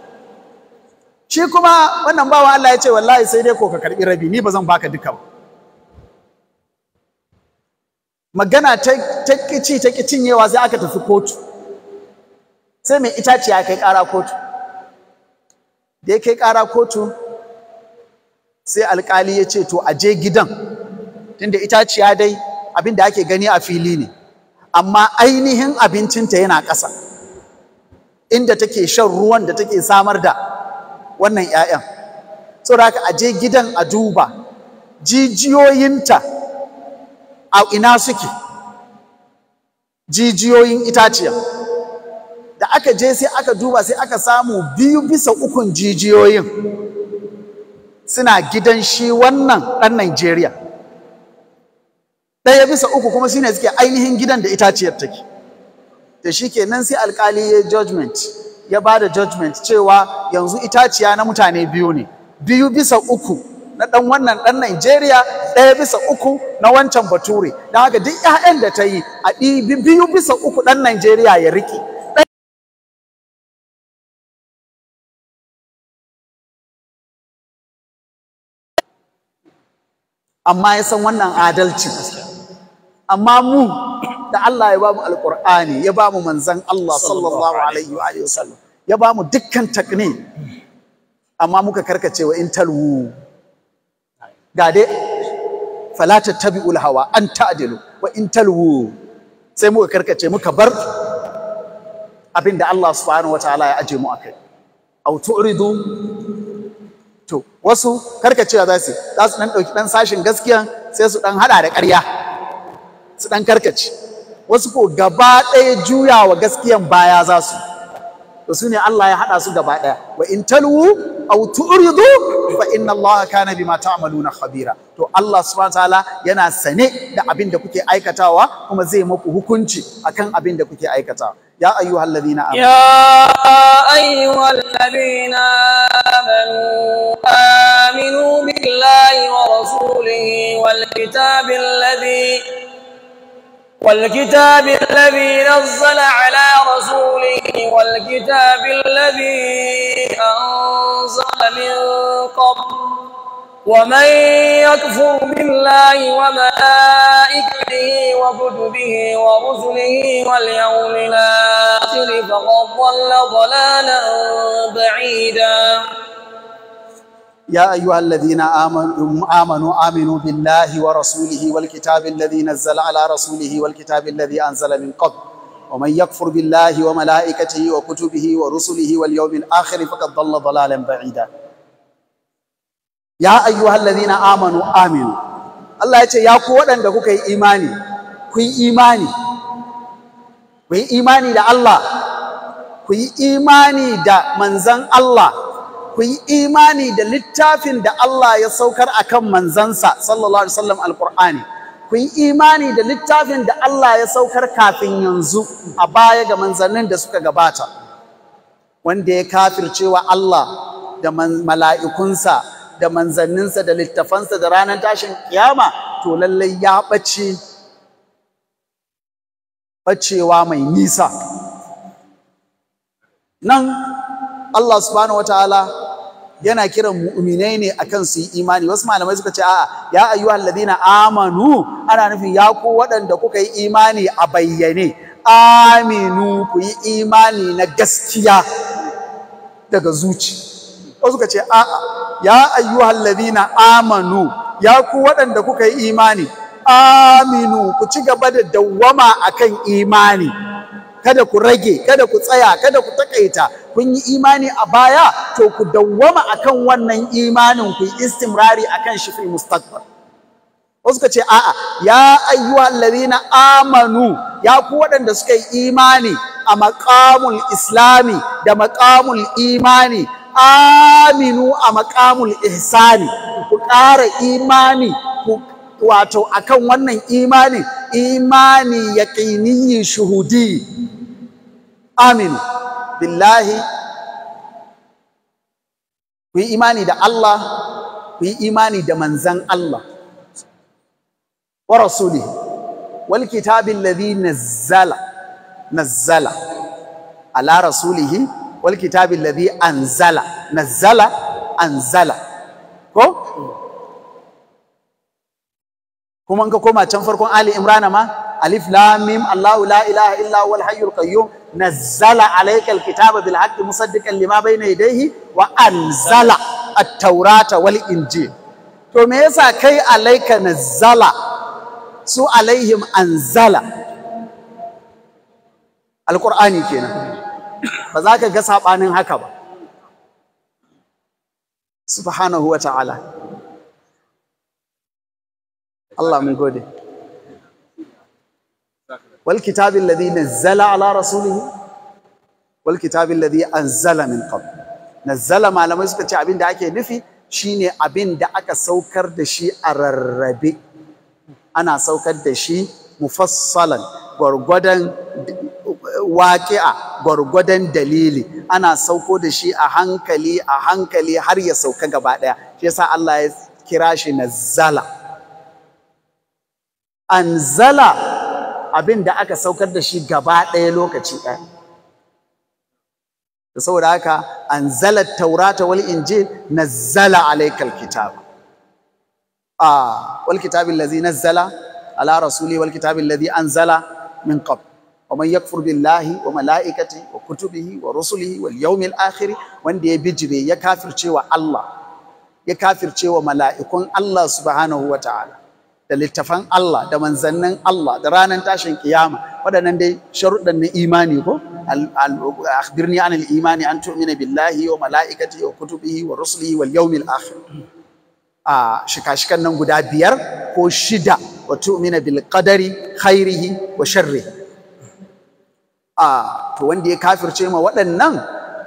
Speaker 1: shi kuma wannan bawa Allah ya ce wallahi sai dai ko ka karɓi rabi ni ba zan baka duka ba magana ta kici ta cinyewa sai aka tafi kotu sai mai itaciya kai ƙara kotu da ya kai kara kotu sai alkali ya ce to a je gidan tunda itaciya dai abin da ake gani a fili ne amma ainihin abincinta yana ƙasa inda take shan ruwan da take samar da wannan 'ya'yan saboda haka a je gidan a duba jijiyoyinta a ina suke jijiyoyin itaciyar da aka je sai aka duba sai aka samu biyu bisa ukun jijiyoyin suna gidan shi wannan ɗan Najeriya. Ɗaya bisa uku kuma shine suke ainihin gidan da itaciyar take. Da shi ke nan sai alkali ya judgment, ya ba da judgment cewa yanzu itaciya na mutane biyu ne. Biyu bisa uku na ɗan wannan ɗan Najeriya, ɗaya bisa uku na wancan Bature. Don haka duk 'ya'yan da ta yi a biyu bisa uku ɗan Najeriya ya riƙe. amma ya san wannan adalci amma mu da Allah ya bamu alqur'ani ya bamu manzon Allah sallallahu alaihi wa alihi wasallam ya bamu dukkan takni amma muka karkace wa intalwu ga dai fala tattabi'ul hawa an ta'dilu wa intalwu sai muka karkace muka bar abinda Allah subhanahu Ta'ala ya aje mu akai au tu'ridu to wasu cewa za su za su dan ɗauki ɗan sashin gaskiya sai su ɗan haɗa da ƙarya su ɗan karkace wasu ko gaba ɗaya juyawa gaskiyan baya za su to su ne Allah ya haɗa su gaba ɗaya wa in talwu aw tu'ridu fa inna Allah kana bima ta'maluna khabira to Allah subhanahu wa ta'ala yana sane da abin da kuke aikatawa kuma zai muku hukunci akan abin da kuke aikatawa يا أيها الذين آمنوا يا
Speaker 2: أيها الذين آمنوا آمنوا بالله ورسوله والكتاب الذي والكتاب الذي نزل على رسوله والكتاب الذي أنزل من قبل ومن يكفر بالله وملائكته وكتبه ورسله واليوم الآخر فقد ضل ضلالا بعيدا
Speaker 1: يا أيها الذين آمنوا, آمنوا بالله ورسوله والكتاب الذي نزل على رسوله والكتاب الذي أنزل من قبل ومن يكفر بالله وملائكته وكتبه ورسله واليوم الآخر فقد ضل ضلالا بعيدا ya ayyuhal ladhina amanu aminu Allah ya ce ya ku waɗanda kuka yi imani ku yi imani ku yi imani da Allah ku yi imani da manzan Allah ku yi imani da littafin da Allah ya saukar akan manzansa sallallahu alaihi wasallam alqur'ani ku yi imani da littafin da Allah ya saukar kafin yanzu a baya ga manzannin da suka gabata wanda ya kafircewa Allah da mala'ikunsa da manzanninsa da littafansa da ranar tashin kiyama to lallai ya ɓace ɓacewa mai nisa nan Allah subhanahu wataala yana kiran mu'minai ne akan su yi imani wasu malamai suka ce a'a ya ayyuhal ladina amanu ana nufin ya ku waɗanda kuka yi imani a bayyane aminu ku yi imani na gaskiya daga zuci wasu suka ce a'a ya ayyuhal ladhina amanu ya ku waɗanda kuka yi imani aminu ku ci gaba da dawwama akan imani kada ku rage kada ku tsaya kada ku takaita kun yi imani a baya to ku dawwama akan wannan imanin ku istimrari akan shi fil mustaqbal wasu ka ce a'a ya ayyuhal ladina amanu ya ku waɗanda suka yi imani a maqamul islami da maqamul imani aminu a maƙamul ihsani ku ƙara imani ku wato akan wannan imani imani yaqiniyyi shuhudi aminu billahi ku yi imani da Allah ku yi imani da manzan Allah wa rasulihi wal kitabil ladhi nazzala nazzala ala rasulihi wal kitabi alladhi anzala Nazala, anzala ko kuma in ka koma can farkon ali imrana ma alif lam mim allah la ilaha illa huwal hayyul qayyum nazzala alayka alkitaba bil haqqi musaddiqan lima bayna yadayhi wa anzala at-taurata wal injil to me yasa kai alayka Nazala su alaihim anzala alqur'ani kenan ba za ka ga saɓanin haka ba subhanahu wa ta'ala Allah mun gode wal kitabin ladhi nazzala ala rasulihi wal kitabin ladhi anzala min qabl nazzala malamai suka ce abin da ake nufi shine abin da aka saukar da shi a rarrabe ana saukar da shi mufassalan gwargwadon waƙi'a gwargwadon dalili ana sauko da shi a hankali a hankali har ya sauka gaba ɗaya shi yasa Allah ya kira shi na zala. An zala abin da aka saukar da shi gaba ɗaya lokaci ɗaya Da saboda haka an zala taurata wal na zala alaikal kitab ah wal kitabil ladzi nazzala ala rasuli wal kitabil an zala min qabl ومن يكفر بالله وملائكته وكتبه ورسله واليوم الآخر wanda ya bijire ya kafircewa Allah ya kafircewa mala'ikun Allah subhanahu wataala da littafan Allah da manzannin Allah da ranar tashin kiyama waɗannan dai sharuɗan na imani ko akhbirni an al-imani an tu'mina billahi wa mala'ikatihi wa kutubihi wa rusulihi wal yawmil akhir shika-shikan nan guda biyar ko shida wa tu'mina bil qadari khairihi wa sharrihi a to wanda ya kafirce ma waɗannan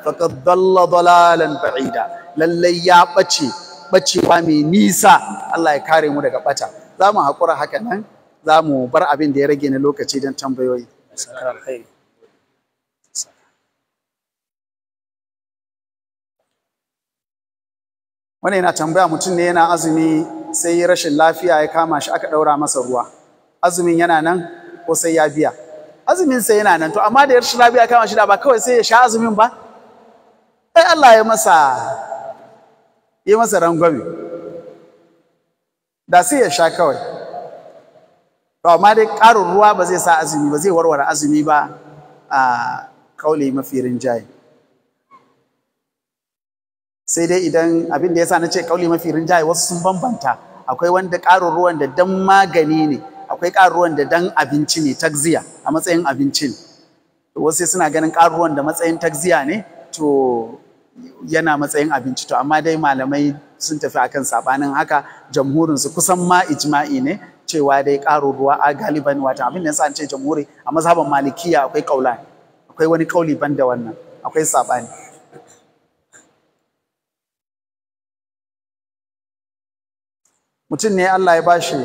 Speaker 1: faqad dalla dalalan ba'ida lallai ya bace bacewa mai nisa Allah ya kare mu daga ɓata. za mu haƙura haka nan za mu bar abin da ya rage na lokaci don tambayoyi wani yana tambaya mutum ne yana azumi sai rashin lafiya ya kama shi aka ɗaura masa ruwa azumin yana nan ko sai ya biya azumin sa yana nan to amma da yar shirabi a kama shida da ba kawai sai ya sha azumin ba ai Allah ya masa ya masa rangwame da sai ya sha kawai to amma dai ƙarin ruwa ba zai sa azumi ba zai warware azumi ba a kaule mafi rinjaye sai dai idan abin da yasa na ce kauli mafi rinjaye wasu sun bambanta akwai wanda ƙarin ruwan da dan magani ne akwai ƙaruwan da dan abinci ne takziya a matsayin abinci ne to wasu suna ganin ƙaruwan da matsayin takziya ne to yana matsayin abinci to amma dai malamai sun tafi akan sabanin haka jamhurin su kusan ma ijma'i ne cewa dai ƙaro ruwa a galiban wata abin da yasa an ce jamhuri a mazhaban malikiya akwai kaula akwai wani kauli ban wannan akwai sabani mutum ne Allah ya bashi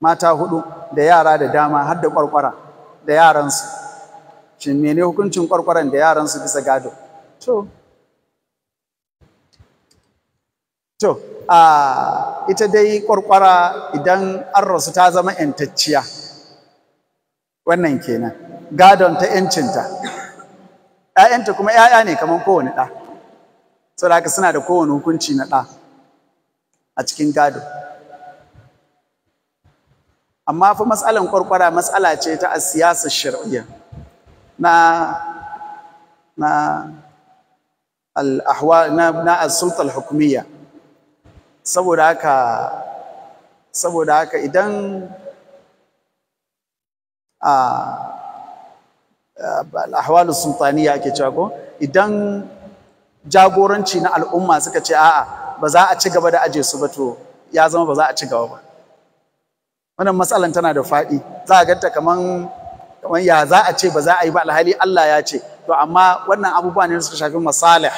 Speaker 1: mata hudu da yara da dama har da kwarkwara da yaransu shin mene hukuncin kwarkwaran da yaransu bisa gado to to a ita dai kwarkwara idan an rasu ta zama yantacciya wannan kenan gadon ta yancinta ‘ya'yanta kuma ‘ya'ya ne kamar kowane ɗa saboda haka suna da kowane hukunci na ɗa a cikin gado amma fa matsalan kwarkwara matsala ce ta siyasar shar'iyya na na al-ahwa na na as-sulta al-hukumiyya saboda haka saboda haka idan a al-ahwal sultaniya ake cewa ko idan jagoranci na al'umma suka ce a'a ba za a ci gaba da aje su ba to ya zama ba za a ci gaba ba wannan matsalan tana da faɗi za a ganta kaman kaman ya za a ce ba za a yi ba alhali Allah ya ce to amma wannan abubuwa ne suka shafi masalih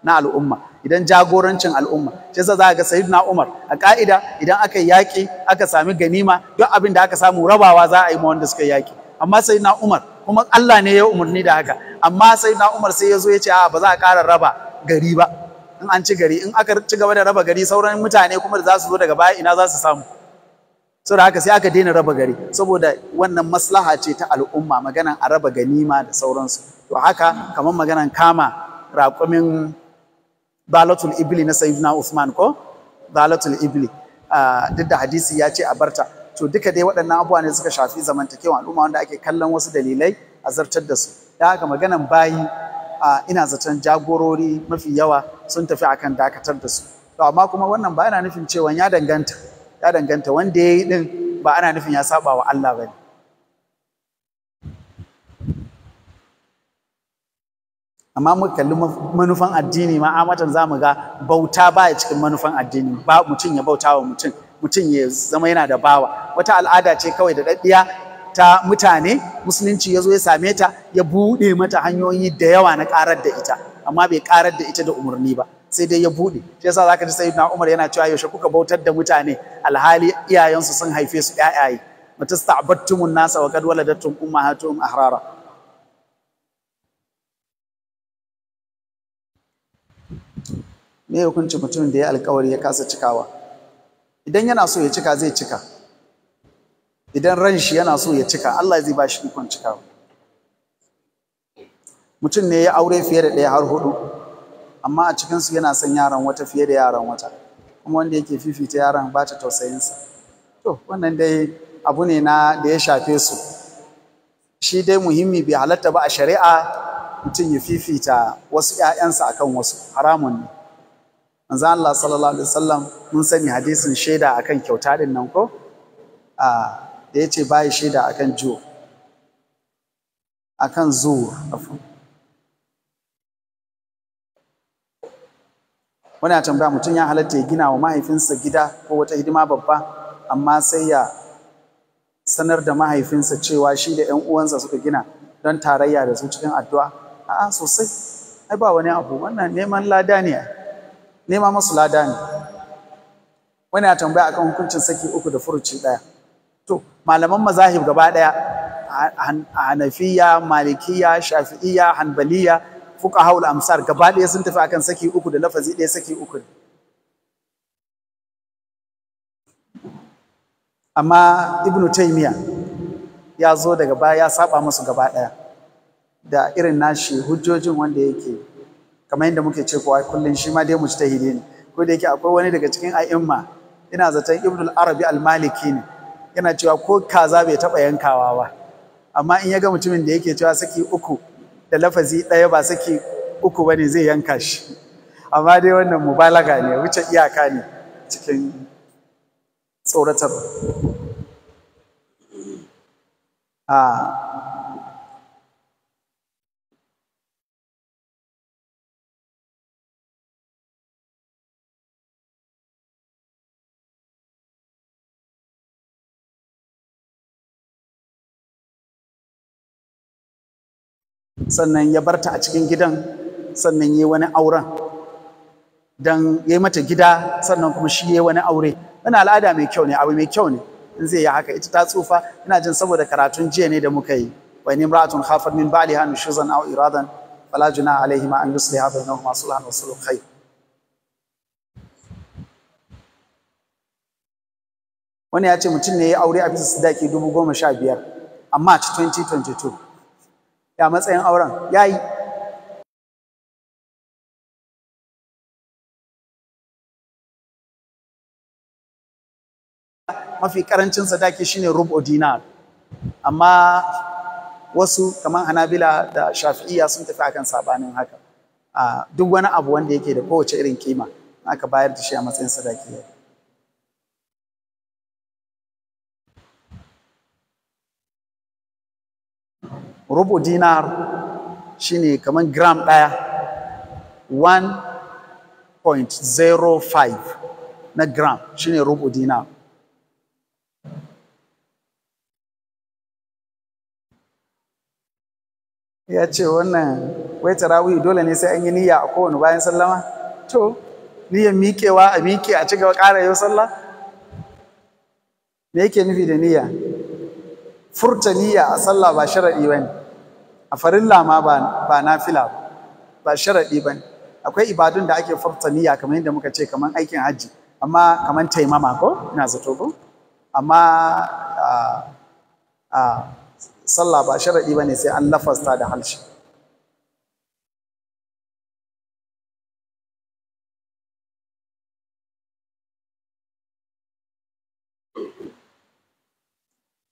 Speaker 1: na al'umma idan jagorancin al'umma shi yasa za ga sayyidina Umar a ka'ida idan aka yaki aka sami ganima duk abin da aka samu rabawa za a yi ma wanda suka yaki amma sayyidina Umar kuma Allah ne ya umarni da haka amma sayyidina Umar sai ya zo ya ce a ba za a ƙara raba gari ba in an ci gari in aka ci gaba da raba gari sauran mutane kuma da za su zo daga baya ina za su samu saboda haka sai aka daina raba gari saboda wannan maslaha ce ta al'umma maganan a raba ganima da sauransu to haka kamar maganan kama raƙumin balatul ibli na sayyidina Usman ko balatul ibli ah, duk da hadisi ya ce a barta to duka dai waɗannan abubuwa ne suka shafi zamantakewa al'umma wanda ake kallon wasu dalilai a zartar da su da haka maganan bayi ah, ina zaton jagorori mafi yawa sun tafi akan dakatar da su to amma kuma wannan ba yana nufin cewa ya danganta ya danganta wanda ya yi ɗin ba ana nufin ya saba wa Allah ba ne. Amma mu kalli manufan addini ma, ma'amatan za mu ga bauta ba ya cikin manufan addini ba mutum ya bauta wa mutum mutum ya zama yana da bawa wata al'ada ce kawai da ɗaɗɗiya ta mutane musulunci ya zo ya same ta ya buɗe mata hanyoyi da yawa na ƙarar da ita amma bai ƙarar da ita da umarni ba. sai dai ya buɗe shi yasa zaka ji sayyidina Umar yana cewa yaushe kuka bautar da mutane alhali iyayensu sun haife su ƴaƴaye matasta'battumun nasa wa qad waladattum ummahatuhum ahrara me hukunci mutum da ya alkawari ya kasa cikawa idan yana so ya cika zai cika idan ran shi yana so ya cika Allah zai ba shi ikon cikawa mutum ne ya aure fiye da ɗaya har hudu amma a cikinsu yana son yaran wata fiye da yaran wata kuma wanda yake fifita yaran ba ta tausayinsa to wannan dai abu ne na da ya shafe su shi dai muhimmi bai halatta ba a shari'a mutum ya fifita wasu ‘ya'yansa akan wasu haramun ne manzo Allah sallallahu alaihi wasallam mun sani hadisin shaida akan kyauta din nan ko da yace bai shaida akan jo akan zuwa wani a tambaya mutum ya halatta ya gina wa mahaifinsa gida ko wata hidima babba amma sai ya sanar da mahaifinsa cewa shi da ‘yan uwansa suka gina don tarayya da su cikin addu'a a'a sosai ai ba wani abu wannan neman lada ne nema masu lada ne wani a tambaya akan hukuncin saki uku da furuci ɗaya to malaman mazahib gaba ɗaya a hanafiya malikiya shafi'iya hanbaliya fuqahaul amsar gaba ɗaya sun tafi akan saki uku da lafazi ɗaya saki uku amma ibnu taymiya ya zo daga baya ya saba musu gaba ɗaya da irin nashi hujjojin wanda yake kamar yadda muke ce kowa kullum shi ma dai mu mujtahidi ne ko da yake akwai wani daga cikin a'imma ina zaton ibnu arabi al-maliki ne yana cewa ko kaza bai taɓa yankawa ba amma in ya ga mutumin da yake cewa saki uku da lafazi ɗaya ba saki uku bane zai yanka shi amma dai wannan mubalaga ne wuce iyaka ne cikin tsoratar ah. sannan ya barta a cikin gidan sannan ya yi wani auren don ya yi mata gida sannan kuma shi ya yi wani aure wani al'ada mai kyau ne abu mai kyau ne in zai yi haka ita ta tsufa ina jin saboda karatun jiya ne da muka yi wa in imra'atun khafat min ba'liha nushuzan aw iradan fala junaha alaihima an yusliha bainahuma sulhan wa sulhu khair wani ya ce mutum ne ya yi aure a bisa sadaki dubu goma sha biyar a 2022 ya matsayin auren ya yi mafi karancin sadaki shine rubu dinar amma wasu kamar hanabila da shafi'iya sun tafi akan sabanin haka ah, duk wani abu wanda yake da kowace irin kima aka bayar da shi a matsayin sadaki rubu dinar shine kamar gram ɗaya 1.05 na gram shine rubu dinar ya ce wannan wai tarawih dole ne sai an yi niyya a kowane bayan sallama to niyyar miƙewa a miƙe a cigaba gaba ƙara yau sallah me yake nufi da niyya furta niyya a sallah ba sharaɗi ba ne a farilla ma ba nafila ba ba sharaɗi ba ne akwai ibadun da ake furta niyya kamar yadda muka ce kamar aikin hajji amma kamar taimama ko ina zato ko amma a ah, ah, sallah ba sharaɗi ba ne sai an lafasta da halshi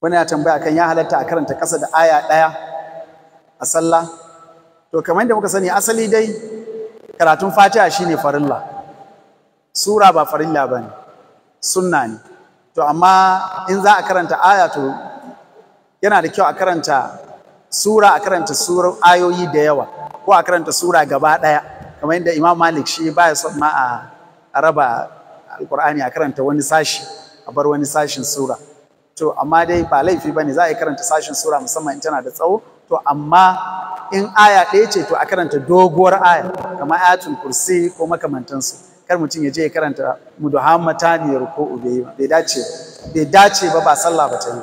Speaker 1: wani ya tambaya kan ya halatta a karanta ƙasa da aya ɗaya a sallah to kamar yadda muka sani asali dai karatun fatiha shine farilla sura ba farilla ba ne sunna ne to amma in za a karanta aya to yana da kyau a karanta sura a karanta sura ayoyi da yawa ko a karanta sura gaba ɗaya kamar yadda imam malik shi baya son ma a raba alƙur'ani a karanta wani sashi a bar wani sashin sura to amma dai ba laifi bane za a yi karanta sashen sura musamman in tana da tsawo to amma in aya ɗaya ce to a karanta doguwar aya kamar ayatul kursi ko makamantansu kar mutum ya je ya karanta mudahammatan ya ube bai dace bai dace ba ba sallah ba ta yi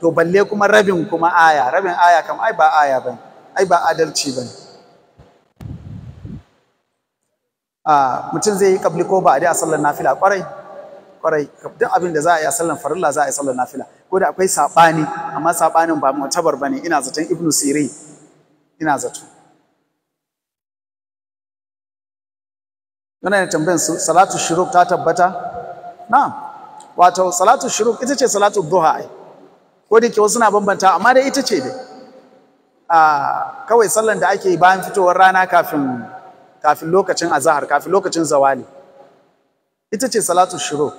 Speaker 1: to balle kuma rabin kuma aya rabin aya kam ai ba aya bane ai ba adalci bane ah, mutum zai yi kabli ko ba a dai a sallar nafila kwarai kwarai duk abin da za a yi a sallan farilla za a yi sallan nafila ko da akwai sabani amma sabanin ba mu'tabar bane ina zaton ibnu Sirri, ina zato wannan ne tambayan su salatu shuruk ta tabbata na'am wato salatu shuruk ita ce salatu duha ai ko da ke wasu na bambanta amma dai ita ce dai a ah, kawai sallan da ake yi bayan fitowar rana kafin kafin lokacin azahar kafin lokacin zawali ita ce salatu shuruk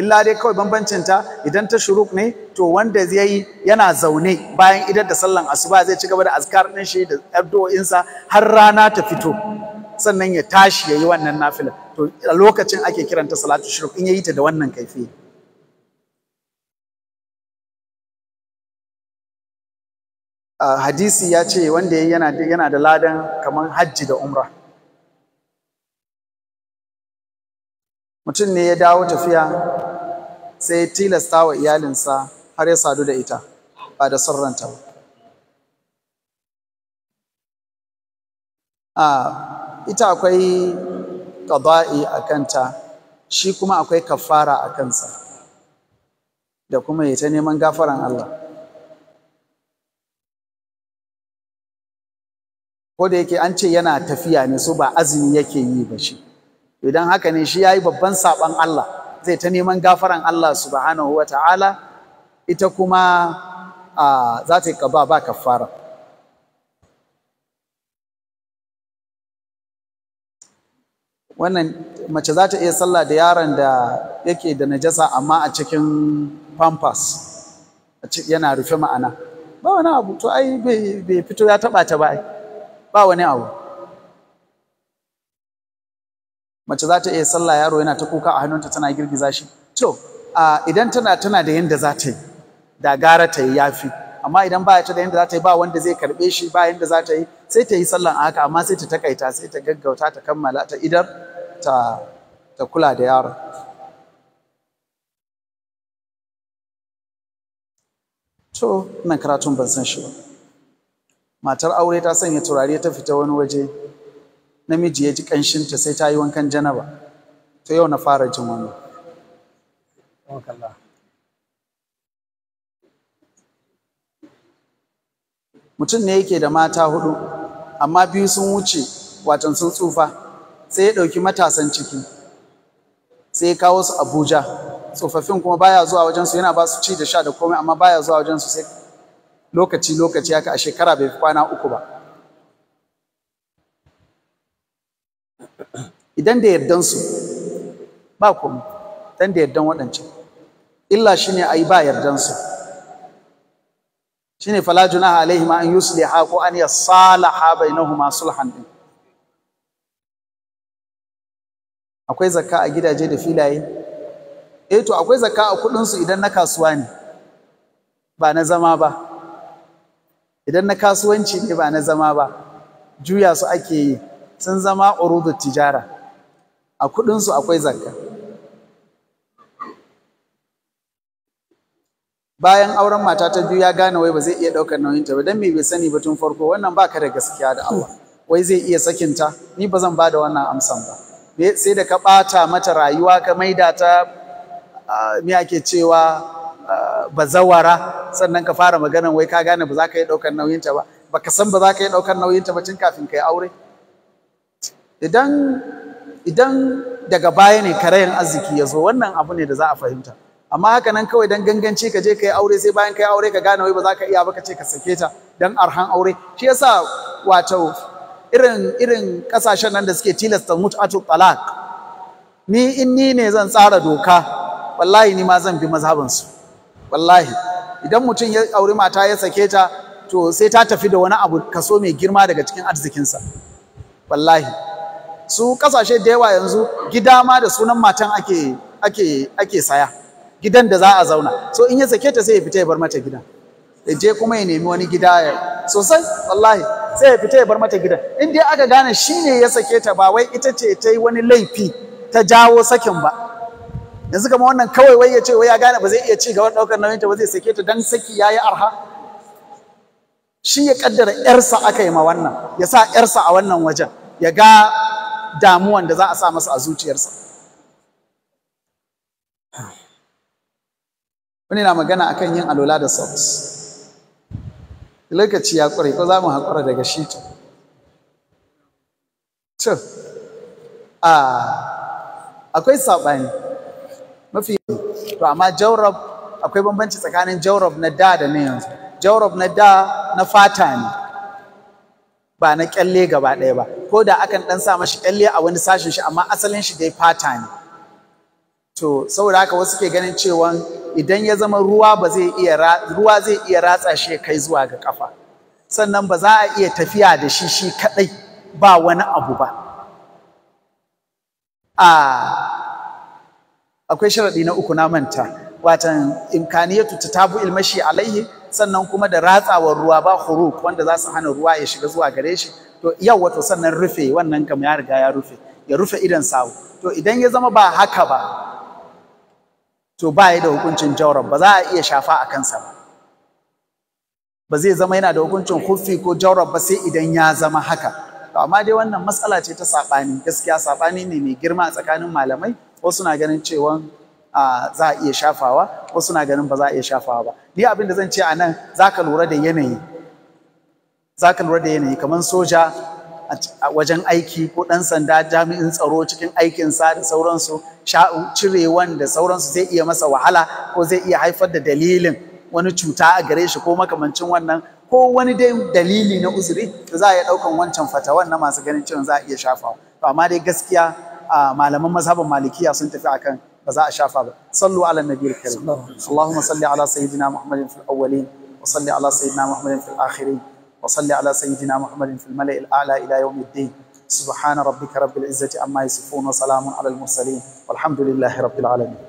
Speaker 1: illa dai kawai bambancinta idan ta shuruk ne to wanda zai yi yana zaune bayan idan da sallan asuba zai ci gaba da azkar din shi da addu'o'insa har rana ta fito sannan ya tashi ya yi wannan nafila to a lokacin ake kiranta salatu shuruk in yayi ta da wannan kaifi ah, hadisi ya ce wanda yana da ladan kamar hajji da umrah. mutum ne ya dawo tafiya sai ya tilasta wa iyalinsa har ya sadu da ita ba da sarranta ba a ita akwai ƙaba'i a kanta shi kuma akwai kafara a kansa da kuma ya ta neman gafaran Allah ko da yake an ce yana tafiya ne so ba azumi yake yi ba shi idan haka ne shi ya yi babban saɓon Allah zai ta neman gafaran Allah subhanahu ta'ala ita kuma za ta yi kaba ba kafara wannan mace za ta iya sallah da yaron da yake da najasa amma a cikin pampas yana rufe ma'ana ba wani abu to ai bai fito ya taɓa ta ba ba wani abu mace za ta iya sallah yaro yana ta kuka a hannunta tana girgiza shi to idan tana tana da yanda za ta yi da gara ta yi yafi amma idan ba ta da yanda za ta yi ba wanda zai karbe shi ba yanda za ta yi sai ta yi sallan a haka amma sai ta takaita sai ta gaggauta ta kammala ta idan ta ta kula da yaro to nan karatun ban san shi ba matar aure ta sanya turare ta fita wani waje namiji ya ji ta sai ta yi wankan janaba to yau na fara jin wani. mutum ne yake da mata hudu amma biyu sun wuce watan sun tsufa sai ya ɗauki matasan ciki sai ya kawo su abuja tsofaffin kuma baya zuwa wajensu yana ba su ci da sha da komai amma baya zuwa wajensu sai lokaci lokaci haka a shekara bai fi kwana uku ba idan da yardan su ba komai dan da yardan waɗancan illa shine ayi ba yardan su shine fala junaha alaihim an yusliha ko an yasalaha bainahuma sulhan din akwai zakka a gidaje da filaye eh to akwai zakka a kudin su idan na kasuwa ne ba na zama ba idan na kasuwanci ne ba na zama ba juya su ake yi sun zama urudu tijara a kuɗinsu akwai zakka bayan auren mata ta biyu ya gane wai ba zai iya ɗaukar ta. ba don me bai sani ba tun farko wannan baka da gaskiya da Allah wai zai iya sakinta ni ba zan ba da wannan amsan ba sai da ka ɓata mata rayuwa ka maida ta me ake cewa bazawara sannan ka fara maganan wai ka gane ba za ka yi ɗaukar nauyinta ba Ba ka san ba za ka yi ɗaukar nauyinta ba tun kafin ka yi aure idan idan daga baya ne karayan arziki ya zo wannan abu ne da za a fahimta amma haka nan kawai dan ganganci ka je ka yi aure sai bayan ka yi aure ka gane wai ba za ka iya ba ka ce ka sake ta dan arhan aure shi yasa wato irin irin kasashen nan da suke tilasta mut'atu talaq ni in ni ne zan tsara doka wallahi ni ma zan bi mazhabin su wallahi idan mutum ya aure mata ya sake ta to sai ta tafi da wani abu kaso mai girma daga cikin arzikinsa wallahi su kasashe da yawa yanzu gida ma da sunan matan ake ake ake saya gidan da za a zauna so in ya sake ta sai ya fita ya bar mata gidan ya je kuma ya nemi wani gida sosai wallahi sai ya fita ya bar mata gidan in dai aka gane shi shine ya sake ta ba wai ita ce ta yi wani laifi ta jawo sakin ba yanzu kama wannan kawai wai ya ce wai ya gane ba zai iya ci gaba daukar nauyin ta ba zai sake ta dan saki yayi arha shi ya kaddara yarsa aka yi ma wannan ya sa yarsa a wannan wajen ya ga damuwan da za a sa masa a zuciyarsa wani na magana akan yin alola da sauti. lokaci ya ƙware ko za mu haƙura daga shi to to akwai saɓani mafi to amma jaurab akwai bambanci tsakanin jaurab na da da na yanzu jaurab na da na fata ne ba na kyalle gaba ɗaya ba ko da akan ɗan sa mashi kyalle a wani sashen shi amma asalin shi dai fata ne to saboda haka wasu ke ganin cewa idan ya zama ruwa ba zai iya ruwa zai iya ratsa shi ya kai zuwa ga kafa sannan ba za a iya tafiya da shi shi kadai ba wani abu ba a akwai sharadi na uku na manta watan imkaniyatu tatabu ilmashi alaihi sannan kuma da ratsawar ruwa ba huruk wanda za su hana ruwa ya shiga zuwa gare shi to yau wato sannan rufe wannan kam ya riga ya rufe ya rufe idan sawu to idan ya zama ba haka ba to ba ya da hukuncin jawrab ba za a iya shafa a kansa ba ba zai zama yana da hukuncin hufi ko jawrab ba sai idan ya zama haka to amma dai wannan matsala ce ta saɓani gaskiya saɓani ne mai girma tsakanin malamai wasu na ganin cewa za a iya shafawa wasu na ganin ba za a iya shafawa ba ni abin da zan ce a nan za ka lura da yanayi za ka lura da yanayi kamar soja a wajen aiki ko ɗan sanda jami'in tsaro cikin aikinsa da sauransu cirewan da sauransu zai iya masa wahala ko zai iya haifar da dalilin wani cuta a gare shi ko makamancin wannan ko wani dai dalili na uzuri da za a iya ɗaukan wancan fatawan na masu ganin cewa za a iya shafawa to amma dai gaskiya malaman mazhabin malikiya sun tafi akan بزاء شافا صلوا على النبي الكريم اللهم صل على سيدنا محمد في الاولين وصلي على سيدنا محمد في الاخرين وصلي على سيدنا محمد في الملأ الاعلى الى يوم الدين سبحان ربك رب العزه عما يصفون وسلام على المرسلين والحمد لله رب العالمين